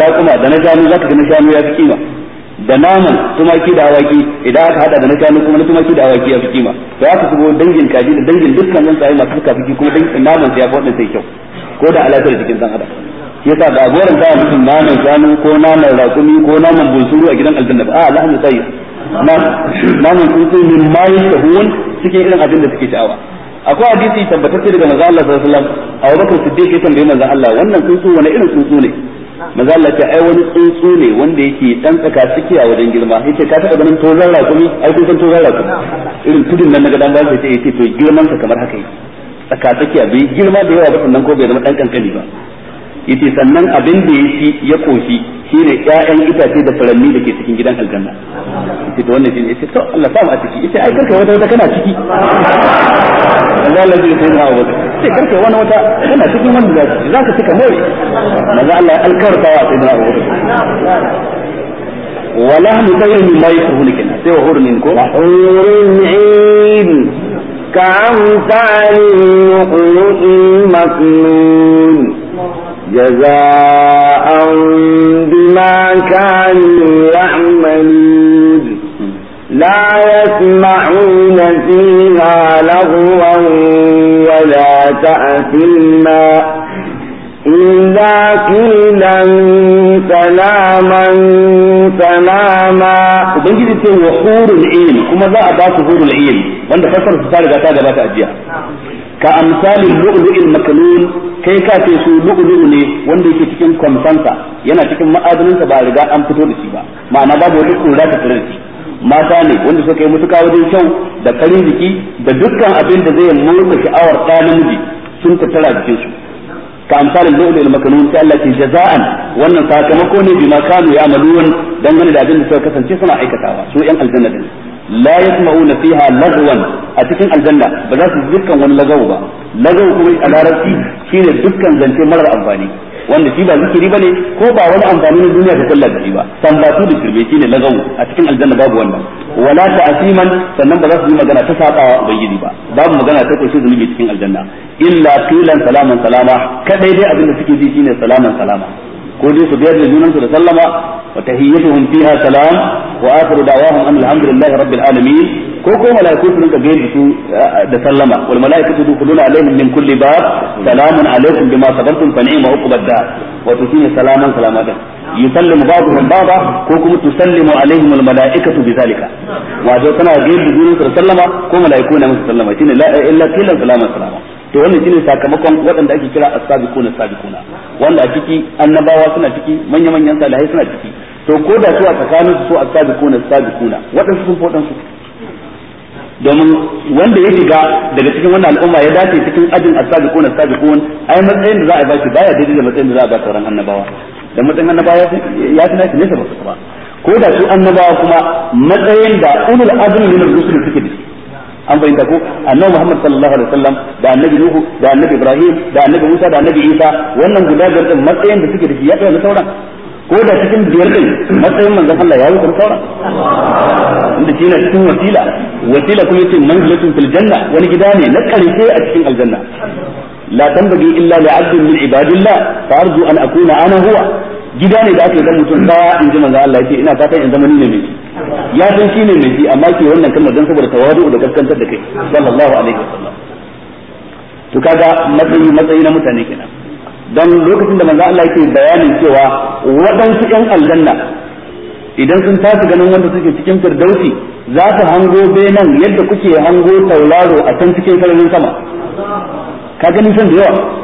raƙuma da na shanu zaka ga na shanu ya fi kima da naman tumaki da awaki idan aka hada da na shanu kuma na tumaki da awaki ya fi kima to aka shigo dangin kaji da dangin dukkan nan tsaye masu fuka kuma dangin naman ya fi waɗansa kyau ko da alaƙar jikin dan adam shi yasa ba goran ta na mai shanu ko na mai raƙumi ko na mai bunsuru a gidan aljanna ba a lahmu na naman tsuntsu min ma tahun cikin irin abin da suke sha'awa akwai hadisi tabbatacce daga manzo Allah sallallahu alaihi wasallam a Bakar Siddiq ya tambaye manzo Allah wannan tsuntsu wani irin tsuntsu ne manzo Allah ce ai wani tsuntsu ne wanda yake dan tsaka suke a wajen girma yake ka taba ganin tozan raƙumi ai kun san tozan raƙumi irin tudin nan daga dan ba sai yake to girman ka kamar haka yake tsaka tsaki a bai girma da yawa ba sannan ko bai zama dan kankani ba yace sannan abin da ya ci ya koshi shine ƴaƴan itace da furanni da ke cikin gidan aljanna yace to wannan shine yace to Allah sa mu a ciki yace ai karka wata wata kana ciki Allah la zai sai na wata sai karka wani wata kana cikin wannan da ka za ka cika mai maza Allah ya alkarta wa sai na wata wala mu tayyib min mai kuhulikin sai wa hurmin ko hurmin كأمثال اللؤلؤ المكنون جزاء بما كانوا يعملون لا يسمعون فيها لغوا ولا تأثيما إلا قيلا سلاما سلاما وبنجد وحور العين كما ذا أباك حور العين وانت فسر ستارك أتاك أباك أجيها ka amsalin lu'lu'il makalun kai ka ce su lu'lu'u ne wanda yake cikin kwamfansa yana cikin ma'adaninsa ba riga an fito da shi ba ma'ana babu wani kura ta tare shi mata ne wanda suka yi mutuka wajen kyau da farin jiki da dukkan abin da zai murka sha'awar ɗa namiji sun tattara jikin su ka amsalin lu'lu'il makalun sai Allah ke jaza'an wannan sakamako ne bima kanu ya'malun dangane da abin da suka kasance suna aikatawa su yan aljanna din la yasma'una fiha lagwan a cikin aljanna ba za su dukkan wani lagawo ba lagawo kuma a shi ne dukkan zance marar amfani wanda shi ba zikiri bane ko ba wani amfani na duniya ta kulla da shi ba sambatu da shirbe shine lagawo a cikin aljanna babu wannan wala ta'siman sannan ba za su yi magana ta sabawa ubangiji ba babu magana ta kunshi zunubi cikin aljanna illa filan salaman salama kadai dai abin da suke ji shine salaman salama ko dai su biyar da junan da sallama wa tahiyyatuhum fiha salam wa akhiru da'wahum alhamdulillahi rabbil alamin ko ko malaiku su eh, da sallama wal alaihim min kulli bab salamun alaikum bima sabartum fa ni'ma uqbad da wa salaman salamatan yusallimu ba'dhum ba'dha ko kuma tusallimu alaihim al malaikatu wa da sallama ko malaiku musu sallama shine la illa salaman salama to wannan shine sakamakon waɗanda ake kira as-sabiquna sabiquna wanda a ciki annabawa suna ciki manya manyan salihai suna ciki to ko da su a tsakanin su as-sabiquna sabiquna waɗansu sun fodan su domin wanda ya shiga daga cikin wannan al'umma ya dace cikin ajin as-sabiquna sabiquna ai matsayin da za a baki baya daidai da matsayin da za a ba ran annabawa da matsayin annabawa ya fi shi nesa ba ko da su annabawa kuma matsayin da ulul azmi min na rusul suke da shi an bayyana ko annabi Muhammad sallallahu alaihi wasallam da annabi Nuhu da annabi Ibrahim da annabi Musa da annabi Isa wannan guda biyar din matsayin da suke da shi ya tsaya na sauran ko da cikin biyar din matsayin manzon Allah ya wuce sauran inda shi ne cikin wasila wasila kuma yace manzilatun fil janna wani gida ne na karshe a cikin aljanna la tanbaghi illa li 'abdin min ibadillah fa arju an akuna ana huwa gida ne da ake ga mutum da in ji manzon Allah yace ina fatan in zama ni ne ya san ne mai bi amma ke wannan kalmar dan saboda tawadu da kaskantar da kai sallallahu alaihi wasallam to kaga matsayi matsayi na mutane kenan dan lokacin da manzo Allah yake bayanin cewa waɗansu ƴan aljanna idan sun tashi ganin wanda suke cikin firdausi za su hango nan yadda kuke hango tauraro a can cikin sararin sama ka gani san da yawa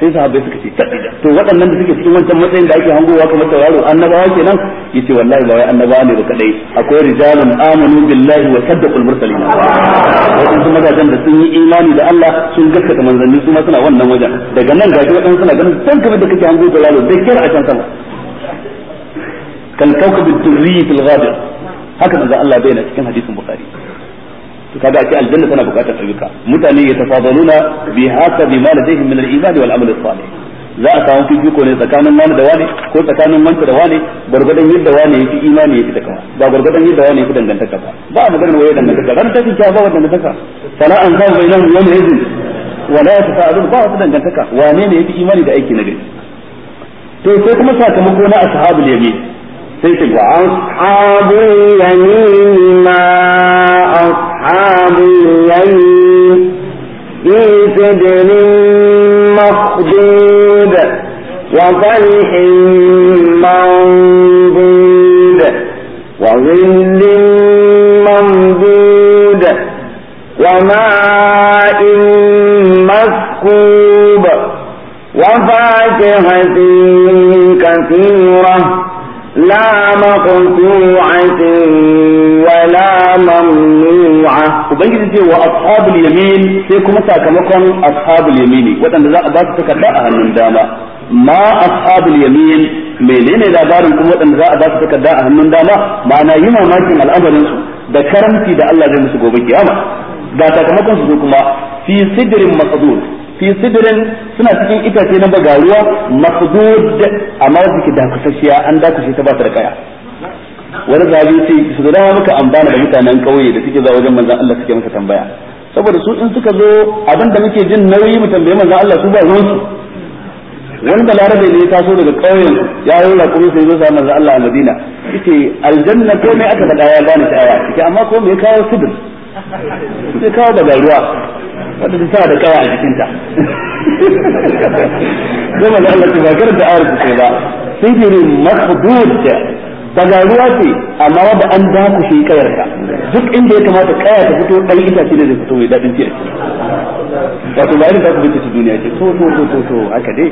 sai sahabbai suka ce tadda to waɗannan da suke cikin wancan matsayin da ake hangowa kamar tauraro annabawa kenan yace wallahi ba wai annabawa ne ba kadai akwai rijalun amanu billahi wa saddaqul mursalin wadansu mazajen da sun yi imani da Allah sun gaskata manzanni su ma suna wannan wajen daga nan gashi wadansu suna ganin san kamar da kake hango tauraro da kyar a can sama kal kawkab ad-durri fil ghadir haka manzo Allah bayyana cikin hadisin bukhari to kaga ake aljanna tana bukatar ayyuka mutane ya tafadaluna bi haka bi ma ladayhim min al-iman wal amal salih za a samu fifiko ne tsakanin wani da wani ko tsakanin wanta da wani gwargwadon yadda wani yafi imani yafi takawa ba gwargwadon yadda wani yafi dangantaka ba ba a maganar waye dangantaka ran ta fice ba dangantaka sala an zama bainahum yawm idin ya tafa yata'adun ba wata dangantaka wane ne yafi imani da aiki na gari to sai kuma sakamako na ashabul yamin sai ta ga ashabul yamin ma أصحاب اليمين في سدر مخضود وطلح منضود وظل ممدود وماء مسكوب وفاكهة كثيرة لا مقطوعة ولا ممنوع du'a ubangiji ce wa ashabul yamin sai kuma sakamakon ashabul yamini wadanda za a ba su takarda a hannun dama ma ashabul yamin menene labarin kuma waɗanda za a ba su takarda a hannun dama ma'ana yi mamakin al'amarin su da karamci da Allah zai musu gobe kiyama ga sakamakon su kuma fi sidrin masadud fi sidrin suna cikin itace na bagaruwa masdud amma wanda da dakusashiya an dakushe ta ba ta da kaya wani zabi ce su da muka ambana da mutanen ƙauye da suke zuwa wajen manzon Allah suke muka tambaya saboda su in suka zo abin da muke jin nauyi mu tambaye manzon Allah su ba ruwan su wani balarabe ne ya taso daga ƙauyen ya yi kuma sai zo sa manzon Allah a Madina yace aljanna ko me aka faɗa ya bani sha'awa kike amma ko me kawo sidin sai kawo daga ruwa wanda ta da ƙawa a jikinta zama da Allah ta bakar da arziki ba sai jirin makhdud daga ce amma wanda an dakushe ka duk inda ya kamata kaya ta fito ɗan itace ne zai fito mai daɗin ce wato ba irin za ku bincike duniya ce to to to to haka dai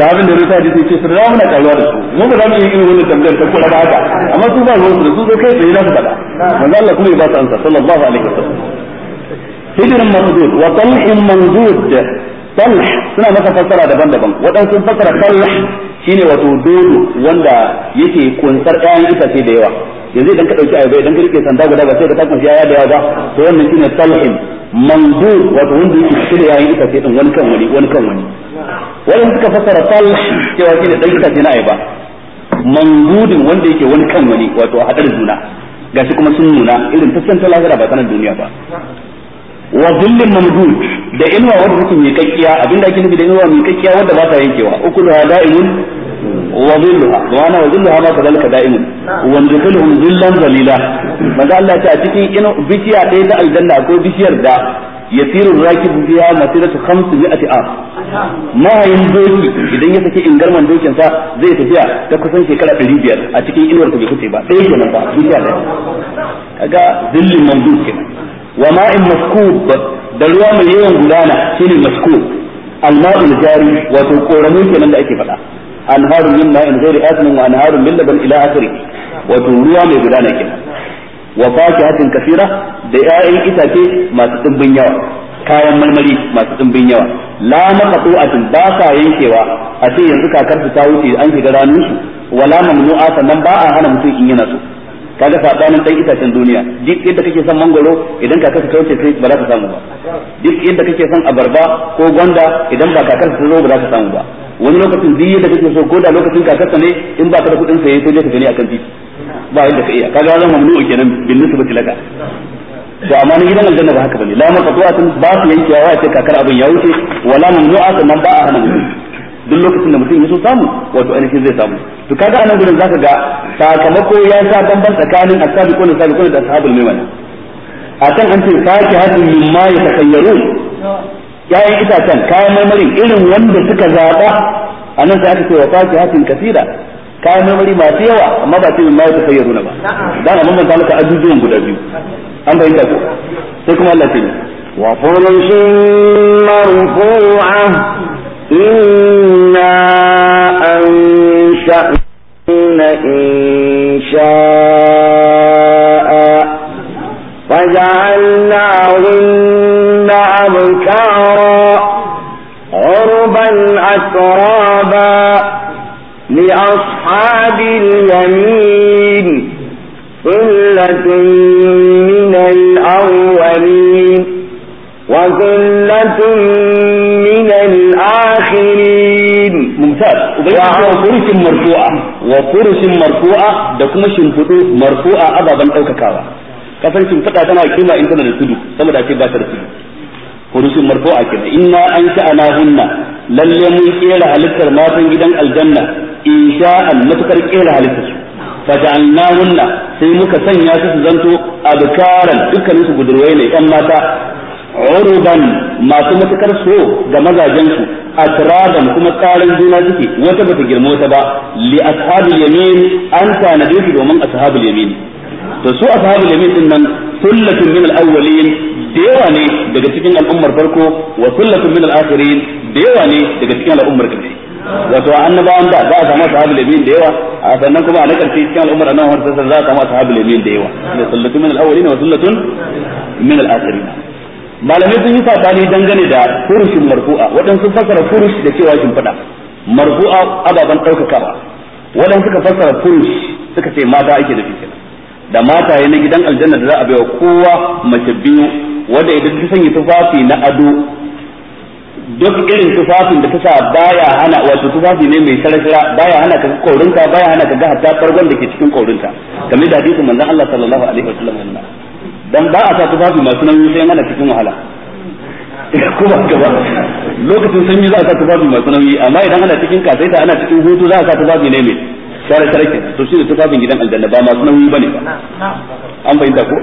sabin da rusa da ce sun ramu na karuwa da su mu ba za mu yi irin wannan tambayar ta kula ba haka amma su ba ruwansu da su zo kai tsaye za su faɗa manzo Allah kuma ya ba su ansa sallallahu alaihi wasallam hijran maqdud wa talhin mandud talh suna masa fassara daban-daban waɗansu fassara talh shine wato dodo wanda yake kunsar ɗayan itace da yawa yanzu idan ka dauki ayaba idan ka rike sanda guda ba sai ka takun yaya da yawa ba to wannan shine talhin mandu wato wanda yake cikin yayin itace din wani kan wani wani kan wani wannan suka fassara talh cewa shine ɗan itace na ayaba mandudin wanda yake wani kan wani wato a hadar juna gashi kuma sun nuna irin ta can ta ba sanar duniya ba wa dhullin mamdud da inuwa wadda take mai kakkiya abinda ake nufi da inuwa mai kakkiya wadda ba ta yankewa uku ukuluha da'imun wa dhilluha wa ana wa dhilluha ma kadhalika da'imun wa ndukuluhum dhillan zalila manzo Allah ta cikin inu bishiya ɗaya da aljanna ko bishiyar da yasiru rakibu biya masiratu 500 am yin doki idan ya saki ingarman dokin sa zai tafiya ta kusan shekara 500 a cikin inuwar ta bai kuce ba sai kenan ba bishiya ɗaya kaga dhillin mamdud kenan wa ma'in maskub da ruwa mai yawan gudana shi ne maskub al-ma'ul jari wato koramu kenan da ake faɗa anharu min ma'in ghairi asmin wa anharu min laban ila akhiri wato ruwa mai gudana kenan wa fakihatin kasira da 'ya'yan itace masu dimbin yawa kayan marmari masu dimbin yawa la maqtu'atin ba sa yankewa a ce yanzu kakar ta wuce an shiga ranun su wala mamnu'a sannan ba a hana mutum in yana so kaga sabanin dan itacen duniya duk inda kake son mangoro idan kakar ka kauce kai ba za ka samu ba duk inda kake son abarba ko gwanda idan ba kakar ka zo ba za ka samu ba wani lokacin duk yadda kake so ko da lokacin kakar ne in ba ka da kudin saye sai ka gani akan titi ba yadda ka iya kaga zan mamnu kenan bin nisbati laka to amma ni gidan aljanna ba haka bane la maqtu'atun ba su yankewa ya ce kakar abin ya wuce wala mamnu'atun nan ba a hana mutum duk lokacin da mutum ya so samu wato ainihin zai samu to kaga anan gurin zaka ga sakamako ya sa bamban tsakanin as-sabiqun as-sabiqun da ashabul maimana a can an ce sake hadin ma ya takayyarun yayin itacen kayan marmarin irin wanda suka zaba anan sai aka ce wa saki hadin kasira kayan marmari masu yawa amma ba cikin ma ya na ba dan amma mun talaka ajujuwan guda biyu an bayyana ko sai kuma Allah ya ce wa furusin marfu'a إنا أنشأنا إن شاء فجعلناهن أبكارا عربا أترابا لأصحاب اليمين ثلة من الأولين وثلة mumtaz ubangiji wa furushin marfu'a da kuma shimfudu marfu'a ɗaukaka daukakawa kasar shimfida tana kima in tana da tudu saboda ce ba ta da tudu furushin marfu'a kenan inna an sha'ana hunna lalle mun kera halittar matan gidan aljanna insha'an matukar kera halittar su faja'alnahunna sai muka sanya su su zanto abkaran dukkanin su budurwai ne yan mata uruban masu matukar so ga mazajen su atraban kuma tsarin juna suke wata bata girma wata ba li ashabul yamin an tanade su domin ashabul yamin to su ashabul yamin din nan sullatun min al'awwalin awwalin da yawa ne daga cikin al'ummar farko wa sullatun min al-akhirin da yawa ne daga cikin al'ummar karshe wato annabawan da za a samu ashabul yamin da yawa a sannan kuma a na karshe cikin al'ummar annabawan farko za a samu ashabul yamin da yawa sullatun min al'awwalin awwalin wa sullatun min al malamai sun yi sabani dangane da furushin marfu'a waɗansu fassara furush da cewa fada marfu'a ababan daukakawa waɗansu suka fassara furush suka ce mata ake da fikin da mataye na gidan aljanna da za a baiwa kowa mace biyu wanda idan ta sanya tufafi na ado duk irin tufafin da ta sa baya hana wato tufafi ne mai sarashira baya hana ka kaurinka baya hana ka ga hatta farkon da ke cikin kaurinka kamar da hadisin manzon Allah sallallahu alaihi wasallam dan ba a sa tufafi masu nauyi sai ana cikin wahala ko ba gaba lokacin sanyi za a sa tufafi masu nauyi amma idan ana cikin kasaita ana cikin hutu za a sa tufafi ne mai share sarki to shi ne tufafin gidan aljanna ba masu nauyi bane ba an fahimta ko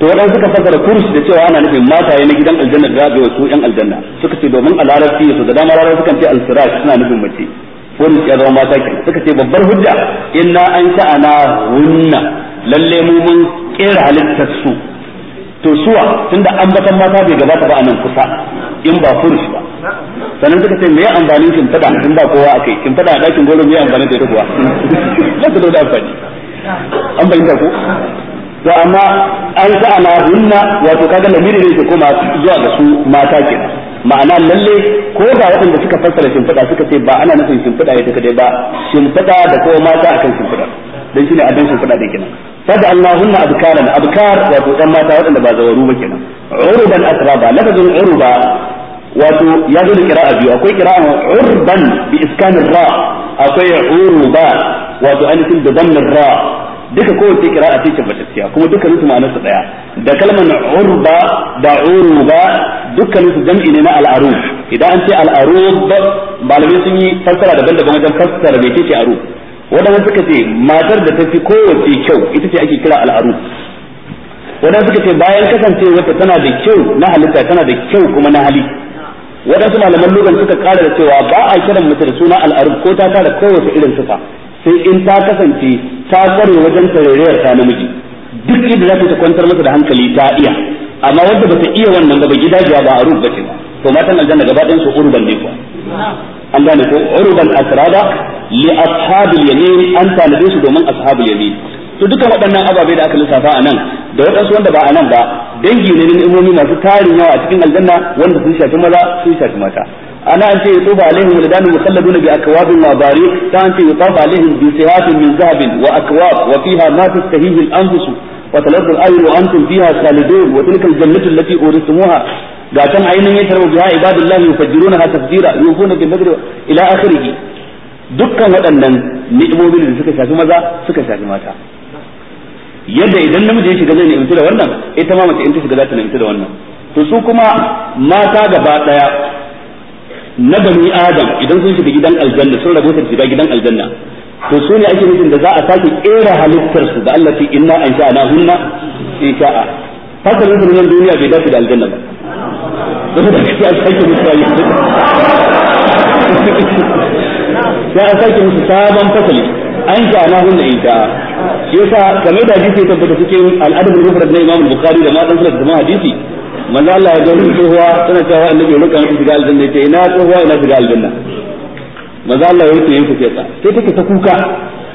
to wadan suka da kurus da cewa ana nufin mataye na gidan aljanna da ga wasu yan aljanna suka ce domin a su da dama larabci sukan ce al suna nufin mace kurus ya zama mata kenan suka ce babbar hujja inna an sha'ana hunna lalle mu mun kera halittar su to suwa tunda ambatan mata bai gaba ta ba a nan kusa in ba furush ba sannan suka ce me ya amfani kin fada tun ba kowa akai kin fada a dakin goro me ya amfani da kuwa ba ta da amfani an bayyana ku to amma an sa ana hunna wato kaga lamiri ne ke koma zuwa ga su mata kenan ma'ana lalle ko ga waɗanda suka fassara shimfiɗa suka ce ba ana nufin shimfiɗa ya ta kadai ba shimfiɗa da kowa mata akan shimfiɗa dan shine addan shimfiɗa da kenan fada Allahumma abkaran abkar wato dan mata wadanda ba zawaru ba kenan urban asraba lafazin urba wato ya zo da kira'a biyu akwai kira'a urban bi iskanin ra akwai uruba wato anisin da dammin ra duka kowace kira'a ce tabbatacciya kuma dukkanin su ma'anarsa daya da kalmar urba da uruba dukkanin su jam'i ne na al'aruf idan an ce al'aruf malamai sun yi fassara daban-daban wajen fassara mece ce aruf wadanda suka ce matar da ta fi kowace kyau ita ce ake kira al'aru wadanda suka ce bayan kasancewa ta tana da kyau na halitta tana da kyau kuma na hali wadansu malaman lugan suka kara da cewa ba a kiran mace da suna al'aruf ko ta tara kowace irin sifa sai in ta kasance ta kware wajen tarayyar ta namiji duk inda za ta kwantar masa da hankali ta iya amma wanda bata iya wannan ba gidajiya ba aruf bace ba to matan aljanna gaba ɗayan su urban ne kuwa an gane ko urban asrada li ashabil yamin an tanade su domin ashabul yamin to duka waɗannan ababe da aka lissafa a nan da waɗansu wanda ba a nan ba dangi ne na imomi masu tarin yawa a cikin aljanna wanda sun shafi maza sun shafi mata ana an ce yutuba alaihim wuladanu mukhalladuna bi akwabin wa bari ta an ce yutuba alaihim bi sihatin min zahabin wa akwab wa fiha ma tastahihi al-anfus wa talazzu al-ayun wa antum fiha khalidun wa tilka al-jannatu allati urithumuha ga tan ainihin ya tarwa biha ibadullah yufajjiruna ha tafjira yufuna bil maghrib ila akhirih dukkan waɗannan ni'imomin da suka shafi maza suka shafi mata yadda idan namiji ya shiga zai ni'imtu da wannan ita ma mace in ta shiga za ta ni'imtu da wannan to su kuma mata gaba daya na bani adam idan sun shiga gidan aljanna sun rabu shiga gidan aljanna to su ne ake nufin da za a sake kera halittar su da Allah fi inna an sha'ana hunna in sha'a fasalin duniya bai dace da aljanna ba saboda ka sai sake musu ayi sai an sake musu sabon fasali an ja na hunna ita shi yasa kamar da hadisi ya tabbata cikin al'adabul mufrad na Imam Bukhari da ma dan sunan jama'a hadisi manzo Allah ya gani tsohuwa tana cewa annabi ya rukan shiga aljanna yace ina tsohuwa ina shiga aljanna manzo Allah ya wuce yin kuke ta sai take ta kuka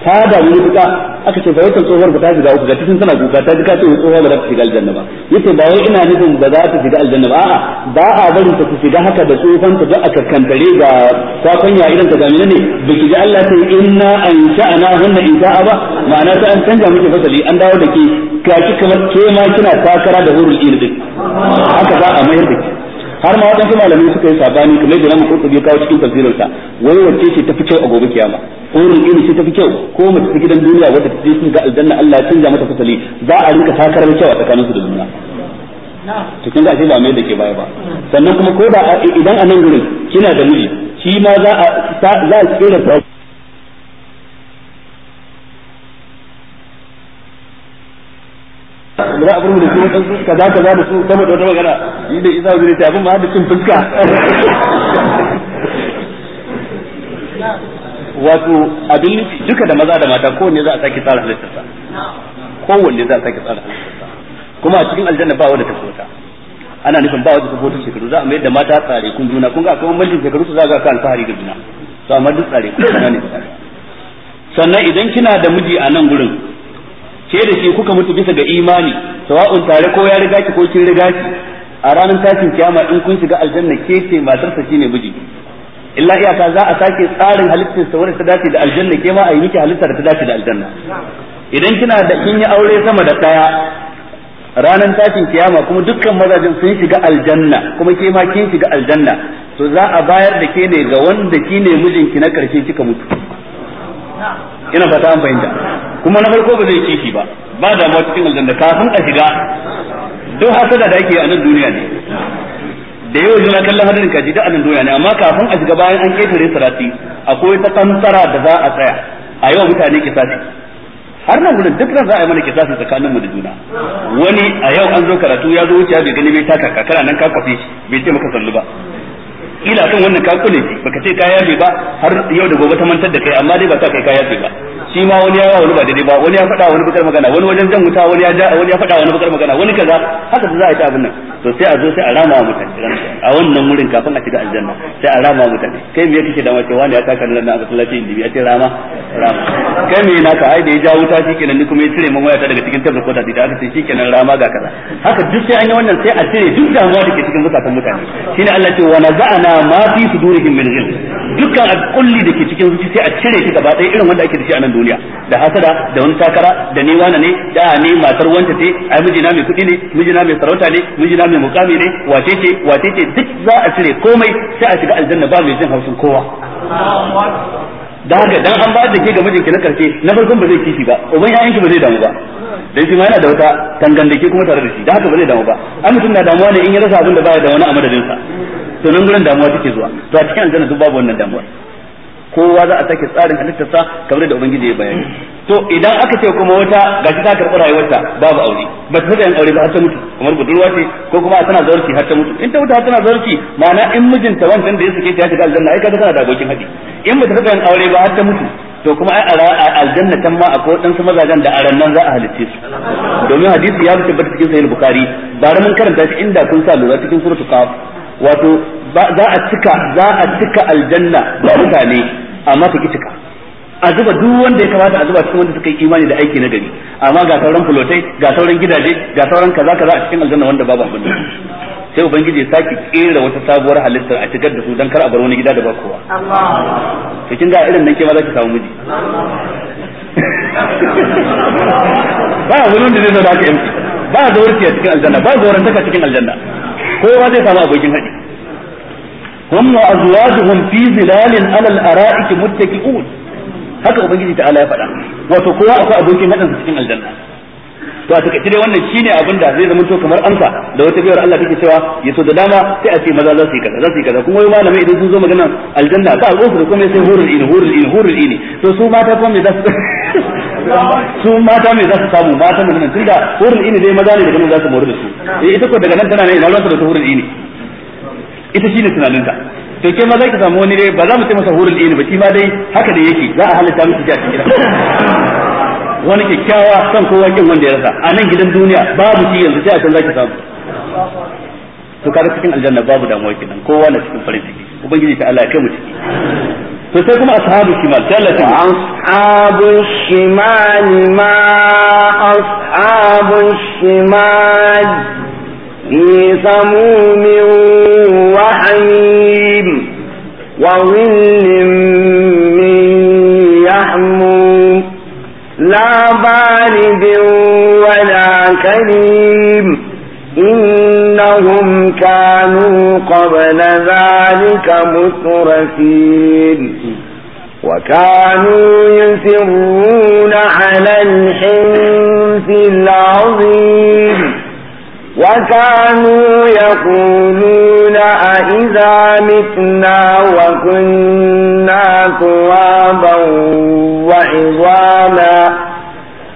ta da duka aka ce ga wata tsohuwar ba ta shiga uku ga cikin tana kuka ta ji ka ce tsohuwa da za ta shiga aljanna ba yace ba wai ina nufin ba za ta shiga aljanna ba a'a ba a barin ta shiga haka da tsohon ta duk aka kankare ga kwakwan idan ta ga ne Biki ki Allah ta inna an sha'ana hunna in sha'a ba ma'ana ta an canja miki fasali an dawo da ke kaki kamar ke ma kina takara da hurul ilmi haka za a mayar da ki har ma wadansu malamai suka yi sabani kamar da namu kurkubi kawo cikin tafsirin sa wai wacce ce tafi kyau a gobe kiyama wurin iri ce tafi kyau ko mace ta gidan duniya wadda ta je ga aljanna Allah ya canja mata fasali za a rinka takarar kyau a tsakanin su da juna to kin ga ba mai da ke baya ba sannan kuma ko da idan a nan gurin kina da miji shi ma za a za a tsira ba za a burmu da su wajen su kaza kaza da su sama da wata magana yi da isa zuri ta abin ma da cin fuska wato abin nufi duka da maza da mata kowanne za a sake tsara halittarsa kowanne za a sake tsara halittarsa kuma a cikin aljanna ba wanda ta kota ana nufin ba wanda ta kota shekaru za a mayar da mata tsare kun juna kun ga kuma mulkin shekaru su za ga kan alfahari ga juna to amma duk tsare kun juna ne sannan idan kina da miji a nan gurin ke da shi kuka mutu bisa ga imani sawa'un tare ko ya riga ki ko kin riga ki a ranar tashin kiyama in kun shiga aljanna ke ce matarsa shine miji illa iyaka za a sake tsarin halittar sa wanda ta dace da aljanna ke ma a yi miki halitta ta dace da aljanna idan kina da kin yi aure sama da daya ranar tashin kiyama kuma dukkan mazajin sun shiga aljanna kuma ke ma kin shiga aljanna to za a bayar da ke ne ga wanda kine mijinki na karshe kika mutu ina fata an fahimta kuma na farko ba zai shi ba ba da mu cikin aljanna kafin a shiga duk hasada da ake a nan duniya ne da yau jira kallon hadarin kaji da nan duniya ne amma kafin a shiga bayan an ƙetare sarati akwai ta kantara da za a tsaya a yau mutane kisasi har nan gudun duk da za a yi mana tsakanin tsakaninmu da juna wani a yau an zo karatu ya zo ya bai gani bai taka kakara nan ka kwafi bai ce maka sallu ba ila kan wannan ka kule shi baka ce ka yafe ba har yau da gobe ta mantar da kai amma dai ba ta kai ka yafe ba shi ma wani ya wani ba daidai ba wani ya faɗa wani bakar magana wani wajen jan wuta wani ya ja wani ya faɗa wani bakar magana wani kaza haka za a yi ta abin nan to sai a zo sai a rama wa mutane a wannan murin kafin a shiga aljanna sai a rama wa mutane kai me kake da wace wani ya taka nan a masallaci indibi a ce rama rama kai me naka ai da ya ja wuta shikenan ni kuma ya cire mun ta daga cikin tabar kota da aka ce shikenan rama ga kaza haka duk sai an yi wannan sai a cire duk damuwa da ke cikin mutanen mutane shine Allah ce wa naza'ana ma fi sudurihim min ghil dukkan alƙulli da ke cikin zuci sai a cire shi gaba ɗaya irin wanda ake da shi a nan duniya da hasada da wani takara da ni wani ne da ni matar wanta ce ai mijina mai kuɗi ne mijina mai sarauta ne mijina mai mukami ne wace ce wace ce duk za a cire komai sai a shiga aljanna ba mai jin haushin kowa da haka dan an ba da ke ga mijinki na karshe na farkon ba zai kishi ba uban yayanki ba zai damu ba dan shi ma yana da wata tangandake kuma tare da shi da haka ba zai damu ba an mutum na damuwa ne in ya rasa abin da baya da wani a madadin sa to nan gurin damuwa take zuwa to a cikin aljanna duk babu wannan damuwa kowa za a sake tsarin halittarsa kamar da ubangiji ya bayani to idan aka ce kuma wata gashi ta karɓi rayuwarta babu aure ba ta yin aure ba har ta mutu kamar budurwa ce ko kuma tana zarci har ta mutu in ta mutu har tana zarci ma'ana in mijinta wancan da ya suke ta shiga aljanna ai kaga tana da abokin haɗi in ba ta taɓa yin aure ba har ta mutu to kuma ai a aljanna can ma akwai waɗansu mazajen da aran nan za a halitte su domin hadisi ya tabbata cikin sahih bukhari bare mun karanta shi inda kun sa lura cikin suratul kaf wato za a cika za a cika aljanna da mutane amma ta ki cika a zuba duk wanda ya kamata a zuba cikin wanda suka yi imani da aiki na gari amma ga sauran fulotai ga sauran gidaje ga sauran kaza kaza a cikin aljanna wanda babu abin sai ubangiji ya sake kera wata sabuwar halitta a cikar da su dan kar a bar wani gida da ba kowa to kin ga irin nan ke ma za ki samu miji ba wani wanda zai zo da aka yanki ba zaurci a cikin aljanna ba zaurantaka cikin aljanna kowa zai samu abokin haɗi hum wa azwajuhum fi zilalin alal ara'iki muttaqi'un haka ubangiji ta'ala ya faɗa wato kowa akwai abokin su cikin aljanna to a takaice dai wannan shine abin da zai zama to kamar amsa da wata biyar Allah take cewa yaso da dama sai a ce maza za su yi kaza za su yi kaza kuma wai malami idan sun zo magana aljanna ba alƙofu da kuma sai hurul ini hurul ini hurul ini to su mata kuma me za su su mata me za su samu mata mun nan tunda hurul ini dai maza ne daga nan za su mori da su ita ko daga nan tana ne ina ruwanta da hurul ini ita shine tunaninta to kai ma za samu wani dai ba za mu ce masa hurul ilmi ba shi ma dai haka da yake za a halatta miki ji a cikin wani kyakkyawa san kowa kin wanda ya rasa a nan gidan duniya babu shi yanzu sai a can zaki samu to kada cikin aljanna babu damuwa kenan kowa na cikin farin ciki ubangiji ta Allah ya kai mu ciki to sai kuma ashabu shimal sai Allah ya ashabu shimal ma ashabu shimal في سموم وحميم وظل من يحموم لا بارد ولا كريم إنهم كانوا قبل ذلك مسرفين وكانوا يسرون على الحنث العظيم وكانوا يقولون أئذا متنا وكنا ترابا وعظاما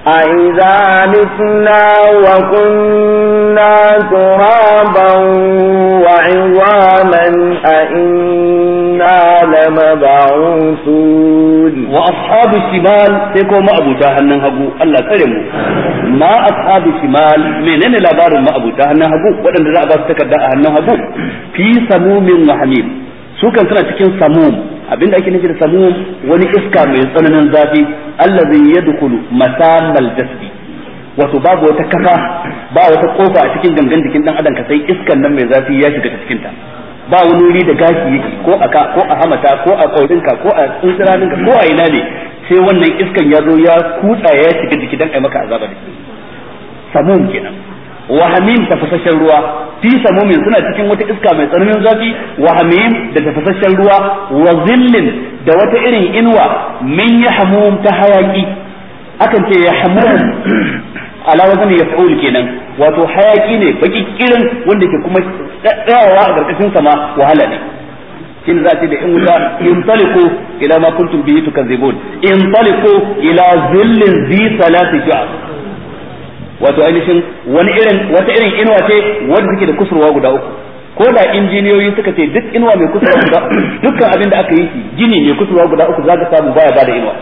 أئذا متنا وكنا ترابا وعظاما أئنا لَعَلَى مَبْعُوثُونَ وَأَصْحَابُ الشِّمَالِ سيكون ما أبو جهل نهجو الله كرم ما أصحاب الشمال منين لابار ما أبو جهل نهجو ودن رأى بس تكدأ نهجو في سموم وحميم su kan suna cikin samum abinda ake nufi da samum wani iska mai tsananin zafi allazi yadkhulu masamal jasdi wato babu wata kafa ba wata kofa a cikin gangan jikin dan adam ka sai iskan nan mai zafi ya shiga cikin ta ba wani wuri da gashi yake ko a ka ko a hamata ko a kaurinka ko a tsuntsiraninka ko a ina ne sai wannan iskan ya zo ya kutsa ya shiga jiki dan ai maka azaba da samun kenan wa tafasasshen ruwa fi samumin suna cikin wata iska mai tsananin zafi wa da tafasasshen ruwa wa zillin da wata irin inuwa min yahmum ta hayaki akan ce ya yahmum ala wazan fa'ul kenan wato hayaki ne baki kirin wanda ke kuma tsayawa a garkashin sama wahala ne shin za ce da in wuta in taliku ila ma kuntum bihi tukazibun in taliku ila zillin zi salati ja wato ainihin wani irin wata irin inuwa ce wanda take da kusurwa guda uku ko da injiniyoyi suka ce duk inuwa mai kusurwa guda dukkan abin da aka yi shi gini mai kusurwa guda uku zaka samu baya bada inuwa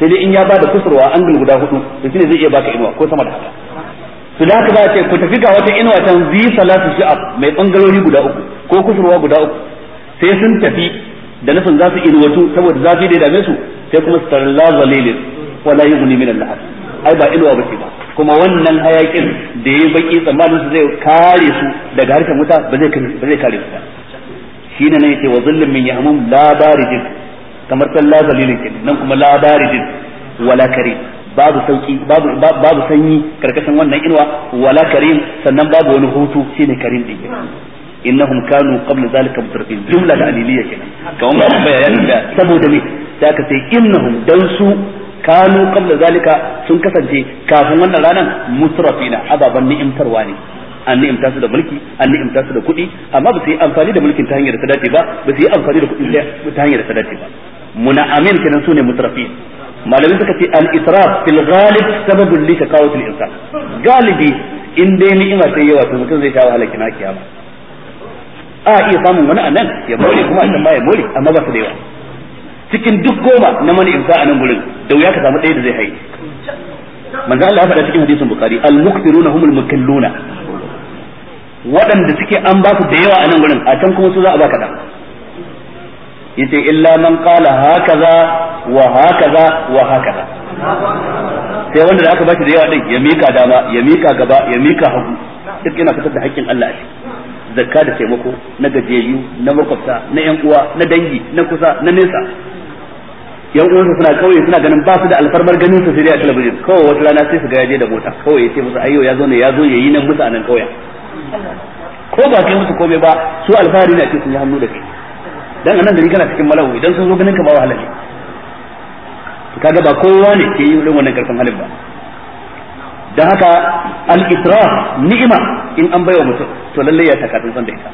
sai dai in ya bada kusurwa angle guda hudu to shine zai iya baka inuwa ko sama da haka to da haka za ce ku tafi ga wata inuwa can zi salatu shi'ab mai bangarori guda uku ko kusurwa guda uku sai sun tafi da nufin za su inuwatu saboda zafi da ya dame su sai kuma su tarar la zalilin wala yughni min al ai ba inuwa bace ba kuma wannan hayakin da yayi baki tsammanin su zai kare su daga harkar wuta ba zai kare su ba shine ne yace wa zullum min yahmum la barijin kamar san la zalilin ke nan kuma la baridin wala karim babu sauki babu babu sanyi karkashin wannan inuwa wala karim sannan babu wani hutu shine karim din innahum kanu qabla zalika mutrafin jumla da aliliya kenan kawai ma bayanin da saboda me da ka sai innahum dan su kanu qabla zalika sun kasance kafin wannan ranar mutrafina ababan ni'imtarwa ne an ni'imta su da mulki an ni'imta su da kuɗi amma ba su yi amfani da mulkin ta hanyar da ta dace ba ba su yi amfani da kuɗi ta hanyar da ta dace ba muna'amin kenan sune mutrafi malamin suka ce al israf fil ghalib sababun li shaqawati al insan galibi in dai ni'ima sai yawa to mutum zai tawo halaki na kiyama a iya samun wani anan ya more kuma annan ma ya more amma ba su da yawa cikin duk goma na mani imsa a nan gurin da wuya ka samu ɗaya da zai haihu manzo Allah ya faɗa cikin hadisin bukhari al muqtiruna humul mukalluna waɗanda suke an ba su da yawa a nan gurin a can kuma su za a ba kaɗan yace illa man qala hakaza wa hakaza wa hakaza sai wanda da aka bashi da yawa din ya mika dama ya mika gaba ya mika hagu duk yana fitar da haƙƙin Allah shi zakka da taimako na gajeyu na makwabta na yan uwa na dangi na kusa na nesa yan uwansa suna kauye suna ganin ba su da alfarmar ganin su sai a talabijin kawai wata rana sai su ga yaje da mota kawai sai musu ayyo ya zo ne ya zo yayi nan musu a nan kauyen ko ba kai musu komai ba su alfahari na ce sun yi hannu da kai dan anan gari kana cikin malawu idan sun zo ganin ka ma wahala ne kaga ba kowa ne ke yi irin wannan karfin halin ba dan haka al-israf ni'ima in an baiwa mutum to lalle ya taka san da ita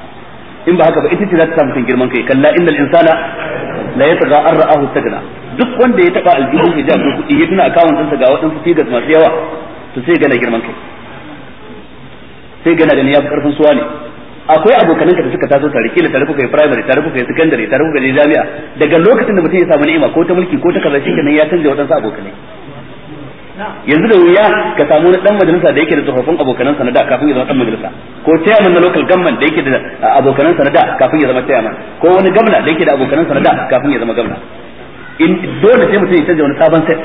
in ba haka ba ita ce za ta samu kan girman kai kalla innal insana la yataga an ra'ahu sagna duk wanda ya taba aljihun hijab ko kudi ya tuna akawun din ga waɗansu figures masu yawa to sai gana girman kai sai gana da ya fi ƙarfin suwa ne akwai abokananka da suka taso tare kila tare kuka yi primary tare kuka yi secondary tare kuka yi jami'a daga lokacin da mutum ya samu ni'ima ko ta mulki ko ta kaza shi kenan ya canja wadansu abokanai yanzu da wuya ka samu na dan majalisa da yake da tsofaffin abokanan sanada da kafin ya zama dan majalisa ko chairman na local government da yake da abokanan sanada da kafin ya zama chairman ko wani gwamna da yake da abokanan sanada da kafin ya zama gwamna in dole sai mutum ya canja wani sabon set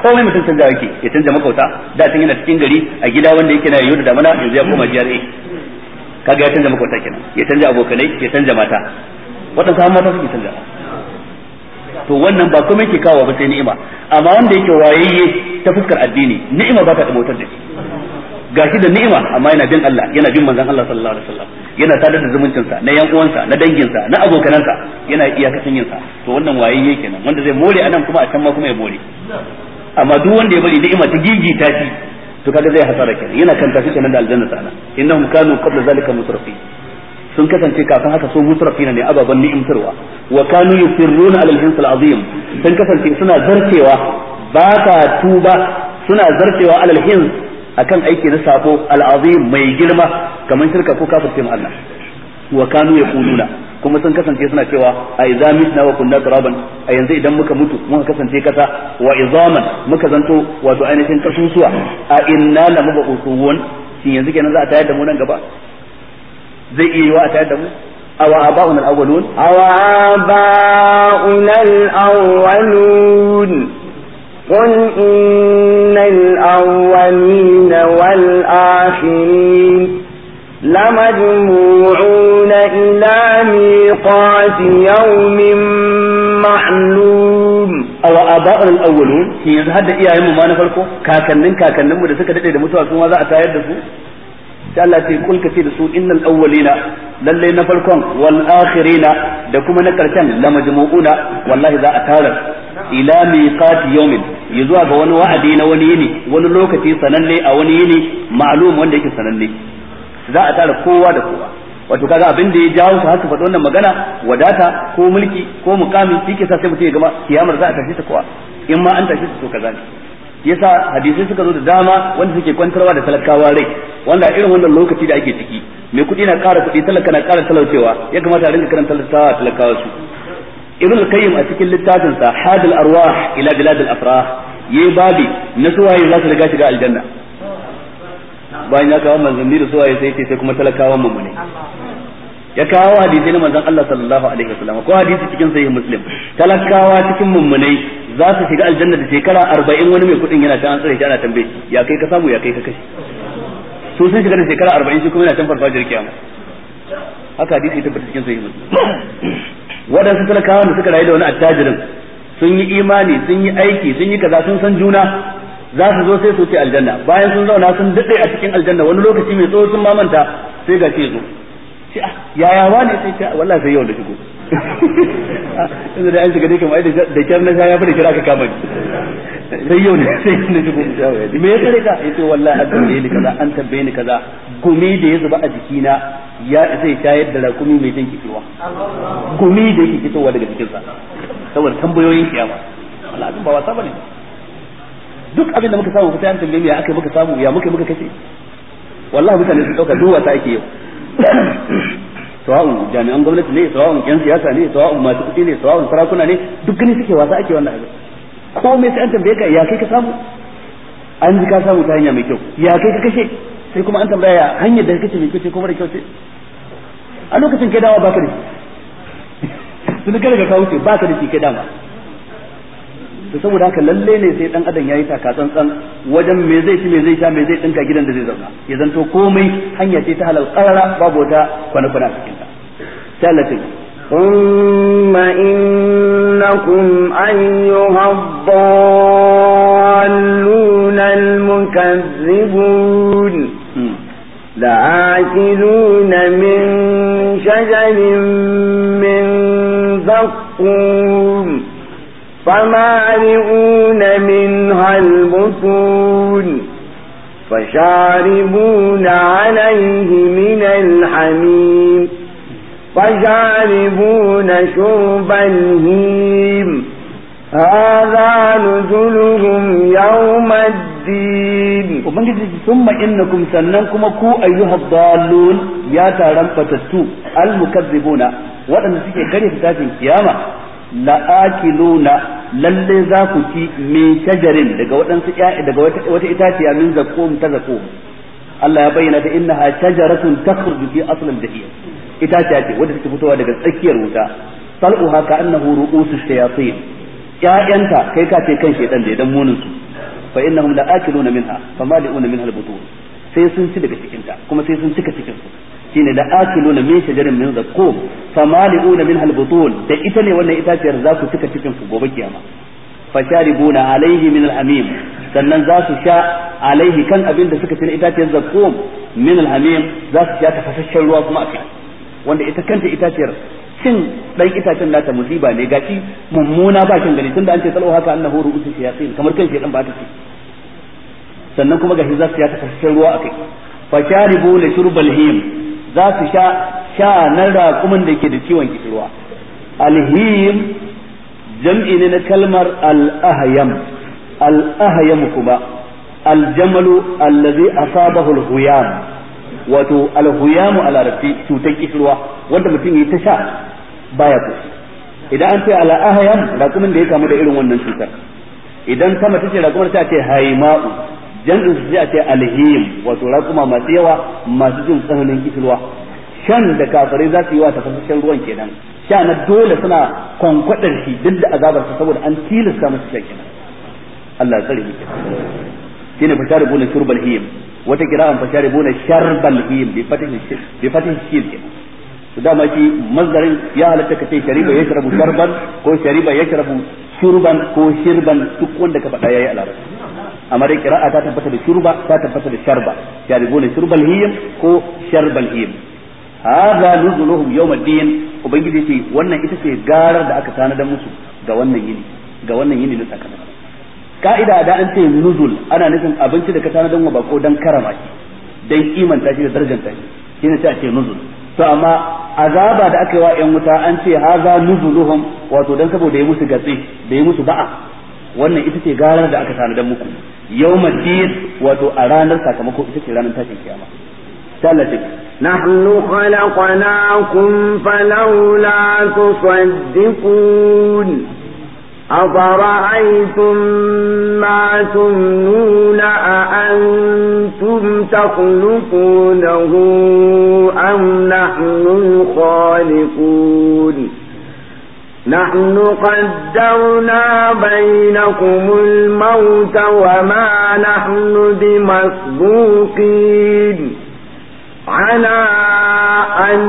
komai mutum canja yake ya canja makauta da tun yana cikin gari a gida wanda yake na yau da damana yanzu ya koma GRA kaga ya canja makwata kenan ya canja abokanai ya canja mata waɗansu har mata suke canja to wannan ba komai ke kawo ba sai ni'ima amma wanda yake wayayye ta fuskar addini ni'ima ba ta da motar da shi gashi da ni'ima amma yana bin Allah yana bin manzon Allah sallallahu alaihi wasallam yana sadar da zumuncin sa na yan uwansa na danginsa na abokanansa yana iyakacin yin sa to wannan wayayye kenan wanda zai more anan kuma a can ma kuma ya more amma duk wanda ya bari ni'ima ta gigita shi to kaga zai hasara kenan yana kan tafi kenan da aljanna ta'ala innahum kanu qabla zalika musrifin sun kasance kafin haka so musrafina ne ababan ni'imtarwa wa kanu yusirruna alal hinsal azim sun kasance suna zarcewa ba tuba suna zarcewa alal hins akan aiki na safo al azim mai girma kamar shirka ko kafirce mu Allah wa kanu yaquluna kuma sun kasance suna cewa a mu mitna wa kunna turaban a yanzu idan muka mutu muka kasance kasa wa izaman muka zanto wato ainihin kasusuwa a inna la mabu'usun shin yanzu kenan za a tayar da mu nan gaba zai iya yiwa a tayar da mu أو آباؤنا الأولون أو آباؤنا الأولون قل إن الأولين والآخرين لمجموعون إلى ميقات يوم معلوم aw aba'ul awwalun shi yanzu hadda iyayen mu ma na farko kakannin kakannin mu da suka dade da mutuwa su ma a tayar da su sai Allah ce kul kace da su innal awwalina lalle na farkon wal akhirina da kuma na karshen la majmu'una wallahi za a tara ila miqat yawmin zuwa ga wani wa'adi na wani yini wani lokaci sananne a wani yini ma'lum wanda yake sananne za a tara kowa da kowa wato kaga abin da ya jawo su haka faɗi wannan magana wadata ko mulki ko mukami shi ke sa sai mutum ya gama kiyamar za a tashi ta kowa in ma an tashi ta to kaza ne yasa hadisai suka zo da dama wanda suke kwantarwa da talakawa rai wanda a irin wannan lokaci da ake ciki mai kuɗi na ƙara kuɗi talaka na ƙara talaucewa ya kamata a rinka karanta a talakawa su ibn al-qayyim a cikin littafin sa hadal arwah ila bilad al-afrah yayi babi na suwaye za su riga shiga aljanna bayan ya kawo manzanni da suwaye sai ce sai kuma talakawan ne ya kawo hadisi na manzon Allah sallallahu alaihi wasallam ko hadisi cikin sahih muslim talakawa cikin mummunai za su shiga aljanna da shekara 40 wani mai kudin yana ta tsare shi ana tambaye ya kai ka samu ya kai ka kashi su sun shiga da shekara 40 shi kuma yana tan farfajiyar kiyama haka hadisi tabbata cikin sahih muslim wadansu talakawa da suka rayu da wani attajirin sun yi imani sun yi aiki sun yi kaza sun san juna za su zo sai su ce aljanna bayan sun zauna sun dade a cikin aljanna wani lokaci mai tsawo sun mamanta sai ga ce zo ah, ce ah yaya wani sai ce wallahi sai yau da shigo inda da an shiga dake mai da kyar na ya fi da kira ka kama ni sai yau ne sai yau ne shigo mu me ya kare ka yace wallahi an tambaye ni kaza an tambaye ni kaza gumi da ya zuba a jikina ya zai tayar da rakumi mai jan kikewa gumi da yake fitowa daga cikinsa saboda tambayoyin kiyama Allah ba wasa bane duk abin da muka samu fa sai an tambaye ya akai muka samu ya muka muka kace wallahi mutane su dauka duk wata ake yau sawa'un jami'an gwamnati ne sawa'un yan siyasa ne sawa'un masu kuɗi ne sawa'un sarakuna ne duk gani suke wasa ake wannan abin ko me sai an tambaye ka ya kai ka samu an ji ka samu ta hanya mai kyau ya kai ka kashe sai kuma an tambaya ya hanyar da kace mai kyau ce ko mara kyau ce a lokacin kai dawa baka da shi sun kai ka kawo ce baka da shi kai dawa to saboda haka lalle ne sai dan adam yayi taka tsantsan wajen me zai ci me zai sha me zai dinka gidan da zai zauna ya zanto komai hanya ce ta halal qarara babu wata kwana kwana cikin ta sai Allah ta ثم إنكم أيها الضالون المكذبون لآكلون من شجر من زقوم فمالئون منها البطون فشاربون عليه من الحميم فشاربون شرب الهيم هذا نزلهم يوم الدين وبنجد ثم إنكم سننكم كو أيها الضالون يا تارم فتستو المكذبون وأن سيكي كريف تاتي القيامة لآكلون lalle za ku ci min shajarin daga waɗansu ƴaƴa daga wata itaciya min zakum ta zakum Allah ya bayyana ta innaha shajaratun takhruju fi asl al-jahim itaciya ce wadda take fitowa daga tsakiyar wuta sal'uha ka annahu ru'usu shayatin ƴaƴanta kai ka ce kan shedan da idan munin su fa innahum la'akiluna minha famali'una minha al-butun sai sun ci daga cikinta kuma sai sun cika cikin su shine da la akiluna min shajarin min zaqqum famali'una minha al-butun da ita ne wannan itaciyar za ku cika cikin ku gobe kiyama fasharibuna alaihi min al sannan za su sha alaihi kan abin da suka ci na itaciyar zaqqum min al za su sha tafasasshen ruwa kuma a kai wanda ita kanta itaciyar cin dan itacen nata musiba ne gashi mummuna ba kin gani tunda an ce salwa haka annahu ru'usu shayatin kamar kan shedan ba ta ce sannan kuma gashi za su sha tafasasshen ruwa a kai fasharibuna shurbal him za su sha sha na raƙumin da ke da ciwon kishirwa alhim jam'i ne na kalmar al-ahyam al-ahyam kuma al-jamalu allazi asabahu al-huyam wato al-huyam cutar kishirwa wanda mutum yi ta sha baya ku idan an ce al-ahyam raƙumin da ya kamu da irin wannan cutar idan sama tace raƙumar ta ce haima'u jam'in su sai a ce alhim wato raƙuma masu yawa masu jin tsananin kishirwa shan da kafirai za su yi wa tafasashen ruwan kenan sha na dole suna kwankwadar shi duk da azabar sa saboda an tilasta musu shan kenan Allah ya tsare mu shine fashari buna shurbal hiyim wata kira'an fashari buna sharbal hiyim bi fatihi bi fatihi shil kenan to dama shi mazdarin ya halatta ka ce shariba ya sharabu sharban ko shariba ya sharabu shurban ko shirban duk wanda ka faɗa yayi a larabci amma kira'a ta tabbata da shurba ta tabbata da sharba ne shurbal hiyam ko sharbal hiyam hadha nuzuluhum yawm ad-din ubangiji ce wannan ita ce garar da aka tana da musu ga wannan yini ga wannan yini na sakamako ka'ida da an ce nuzul ana nufin abinci da ka tanadar wa bako dan karama shi dan kimanta shi da darjanta shi shine sai a ce nuzul to amma azaba da aka yi wa 'yan wuta an ce haza nuzuluhum wato dan saboda ya musu gatsi da ya musu ba'a wannan ita ce garar da aka tanadar muku yau din wato a ranar sakamako ita ce ranar tashin kiyama ثالثا نحن خلقناكم فلولا تصدقون أفرأيتم ما تمنون أأنتم تخلقونه أم نحن الخالقون نحن قدرنا بينكم الموت وما نحن بمسبوقين على أن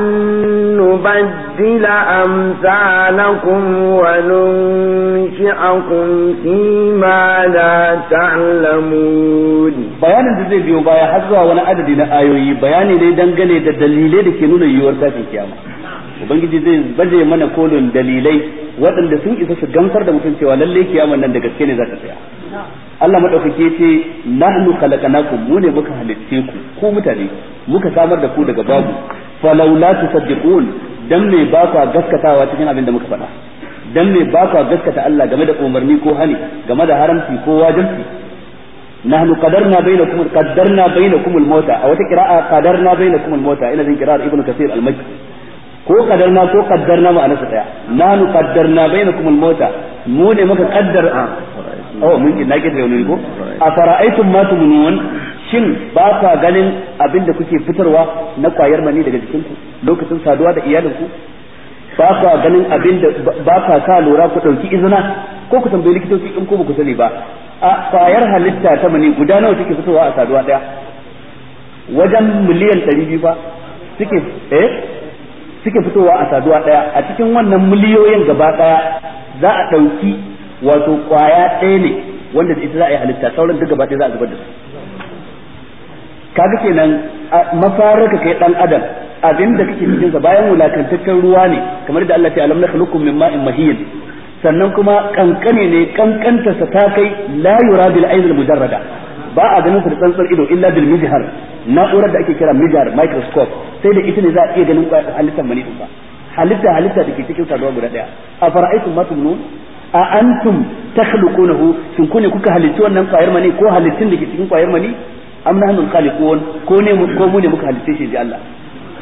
نبدل أمثالكم وننشئكم فيما لا تعلمون بيان da zai biyo baya har zuwa wani adadi na ayoyi bayani ne dangane da dalilai da ke nuna yiwuwar tashin kiyama ubangiji zai baje mana kolon dalilai waɗanda sun isa su gamsar da mutum cewa lalle kiyaman nan da gaske ne za ta tsaya Allah madaukake ce nahnu khalaqnakum mu ne muka halitte ku ku mutane muka samar da ku daga babu fa laula tusaddiqun dan me ba ka gaskatawa cikin abin da muka faɗa dan me ba ka gaskata Allah game da umarni ko hani game da haramci ko wajibi nahnu qadarna bainakum qaddarna bainakum al-mauta a wata qira'a qadarna bainakum al-mauta ina zin qira'a ibnu kathir al-makki ko kadarna ko kaddarna ma'ana su daya kaddar na bainakum al-mauta mu ne muka kaddar a ah, oh mun ina nake da wani ko a fara'aitum ma tumunun shin ba ka ganin abin da kuke fitarwa na kwayar mani daga ku lokacin saduwa da iyalinku ba ka ganin abin da ba ka ka lura ku dauki izina ko ku tambayi likitoci in ko ku sani ba a kwayar halitta ta mani guda nawa take fitowa a saduwa daya wajen miliyan 200 ba suke eh suke fitowa a saduwa daya a cikin wannan miliyoyin gaba daya za a ɗauki wato kwaya ɗaya ne wanda da ita za a yi halitta sauran duk gaba za a zubar da su kaga kenan mafaraka kai dan adam abinda da kake cikin sa bayan wulakantaccen ruwa ne kamar da Allah ya alamna khuluqukum min ma'in mahiyin sannan kuma kankane ne kankanta sa ta kai la yura bil mujarrada ba a ganin sa da tsantsar ido illa bil mizhar na'urar da ake kira midar microscope sai da ita ne za a iya ganin halittar mani'in ba halitta halitta da ke ta saduwa guda daya a fara'aitum ma tumnun a antum takhluqunahu shin ku ne kuka halitta wannan kwayar mani ko halittun da ke cikin kwayar mani am nahnu khaliqun ko ne ko mu ne muka halitta shi ji Allah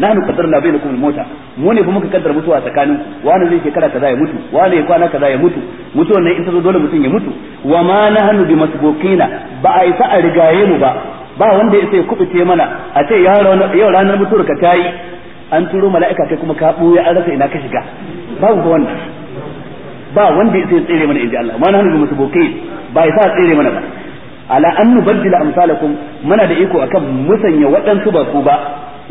nahnu qaddarna bainakum al-mauta mu ne fa muka kaddara mutuwa tsakanin wani zai shekara kaza ya mutu wani ya kwana kaza ya mutu mutuwan nan in ta zo dole mutum ya mutu wa ma nahnu bimasbuqina ba a yi isa a rigaye mu ba ba wanda ya sai kubuce mana a ce yau ranar mutuwar ka tayi an turo mala'ika kai kuma ka buya an rasa ina ka shiga babu ku wanda ba wanda ya sai tsere mana inji Allah ma na hannu musu bokai ba ya sa tsere mana ba ala an nubaddila amsalakum mana da iko akan musanya waɗansu ba ku ba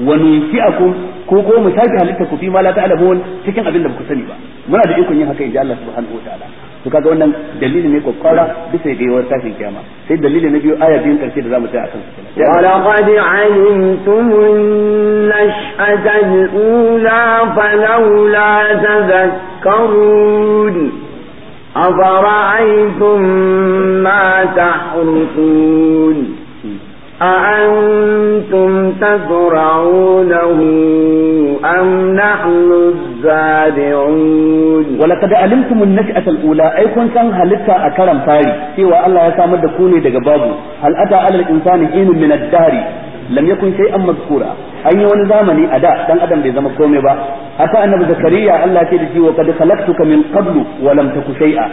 wa nunfi'akum ko ko mu sake halitta ku fi ma la ta'lamun cikin abin da ba ku sani ba muna da iko yin haka inji Allah subhanahu wa ta'ala to kaga wannan dalili ne kokkara bisa ga yawar tashin kiyama sai dalili na biyu aya biyun karshe da zamu tsaya akan su ولقد علمتم النشأة الأولى فلولا تذكرون أفرأيتم ما تحرثون أأنتم تزرعونه أم نحن الزارعون ولقد علمتم النشأة الأولى أي كن كان هلتا أكرم فاري سوى الله يسامد كوني دقبابه هل أتى على الإنسان حين من الدهر لم يكن شيئا مذكورا أي yi أداء كان أدم da dan adam bai zama komai ba haka وقد خلقتك من قبل ولم تك شيئا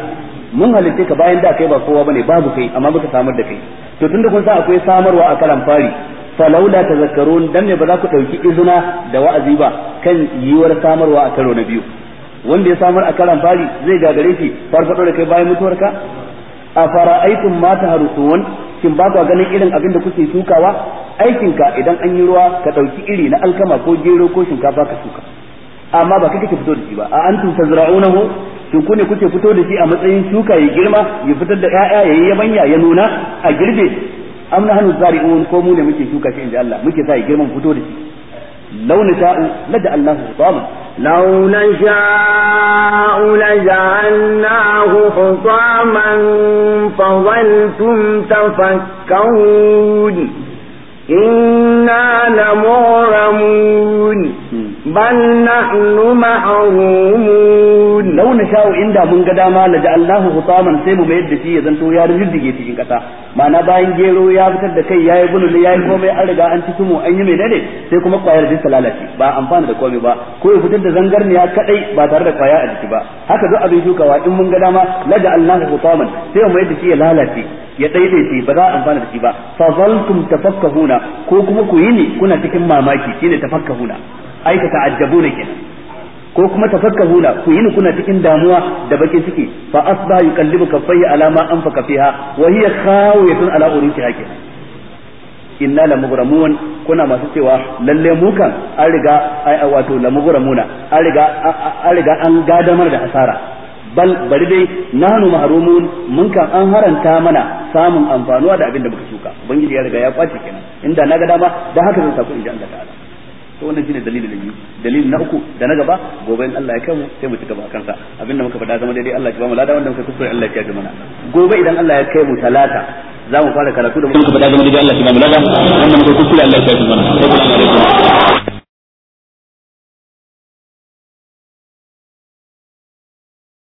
mun halitte ka bayan da kai ba kowa bane babu kai amma baka samar da kai to tunda kun san akwai samarwa a karan fari fa falaula tazakkarun dan ne ba za ku dauki izina da wa'azi ba kan yiwar samarwa a karo na biyu wanda ya samar a karan fari zai gagare shi farfado da kai bayan mutuwarka a fara'aitum ma taharusun kin ba ku ganin irin abin da kuke tukawa aikin ka idan an yi ruwa ka dauki iri na alkama ko gero ko shinkafa ka tuka. amma ba kake fito da shi ba a antum tazra'unahu shin ku ne kuke fito da shi a matsayin shuka ya girma ya fitar da ƴaƴa ya yi yabanya ya nuna a girbe am nahnu zari'un ko mu ne muke shuka shi inda Allah muke sa ya girma fito da shi law nasha'u laja'alnahu hutaman law nasha'u laja'alnahu hutaman fa dhaltum tafakkahun inna na muramun ban da mun ga dama na ji Allah hutaman sai mu mayar da shi ya zanto ya rijirgi cikin ƙasa. ma'ana bayan gero ya fitar da kai yayi ya yayi komai an riga an ci mu an yi menene sai kuma kwayar zai lalace ba amfana da komai ba ko ya fitar da zangarniya kadai ba tare da kwaya a jiki ba haka zo abin shukawa in mun ga dama laja Allah hutaman sai mu yadda shi ya lalace ya daidaita ba za a amfana da shi ba fa zaltum tafakkahuna ko kuma ku yi ne kuna cikin mamaki shine tafakkahuna aikata ta'ajjabuna kenan ko kuma tafakkahuna ku yi kuna cikin damuwa da bakin ciki fa asba yuqallibu kaffayhi ala ma anfaqa fiha wa hiya khawiyatun ala uriki hakin inna la mughramun kuna masu cewa lalle mu kan an riga wato la mughramuna an riga an riga an gadamar da asara bal bari dai nanu mahrumun mun kan an haranta mana samun amfanuwa da abin da muka shuka ubangiji ya riga ya kwace kenan inda na ga dama da haka zan sa ku ji Allah ta'ala to wannan shine dalili na biyu dalili na uku da na gaba gobe in Allah ya kai mu sai mu ci gaba akan sa abinda muka faɗa zama daidai Allah ya ba mu lada wanda muka kuskure Allah ya kai mana gobe idan Allah ya kai mu talata za mu fara karatu da muka faɗa zama daidai Allah ya ba mu lada wanda muka kuskure Allah ya kai mana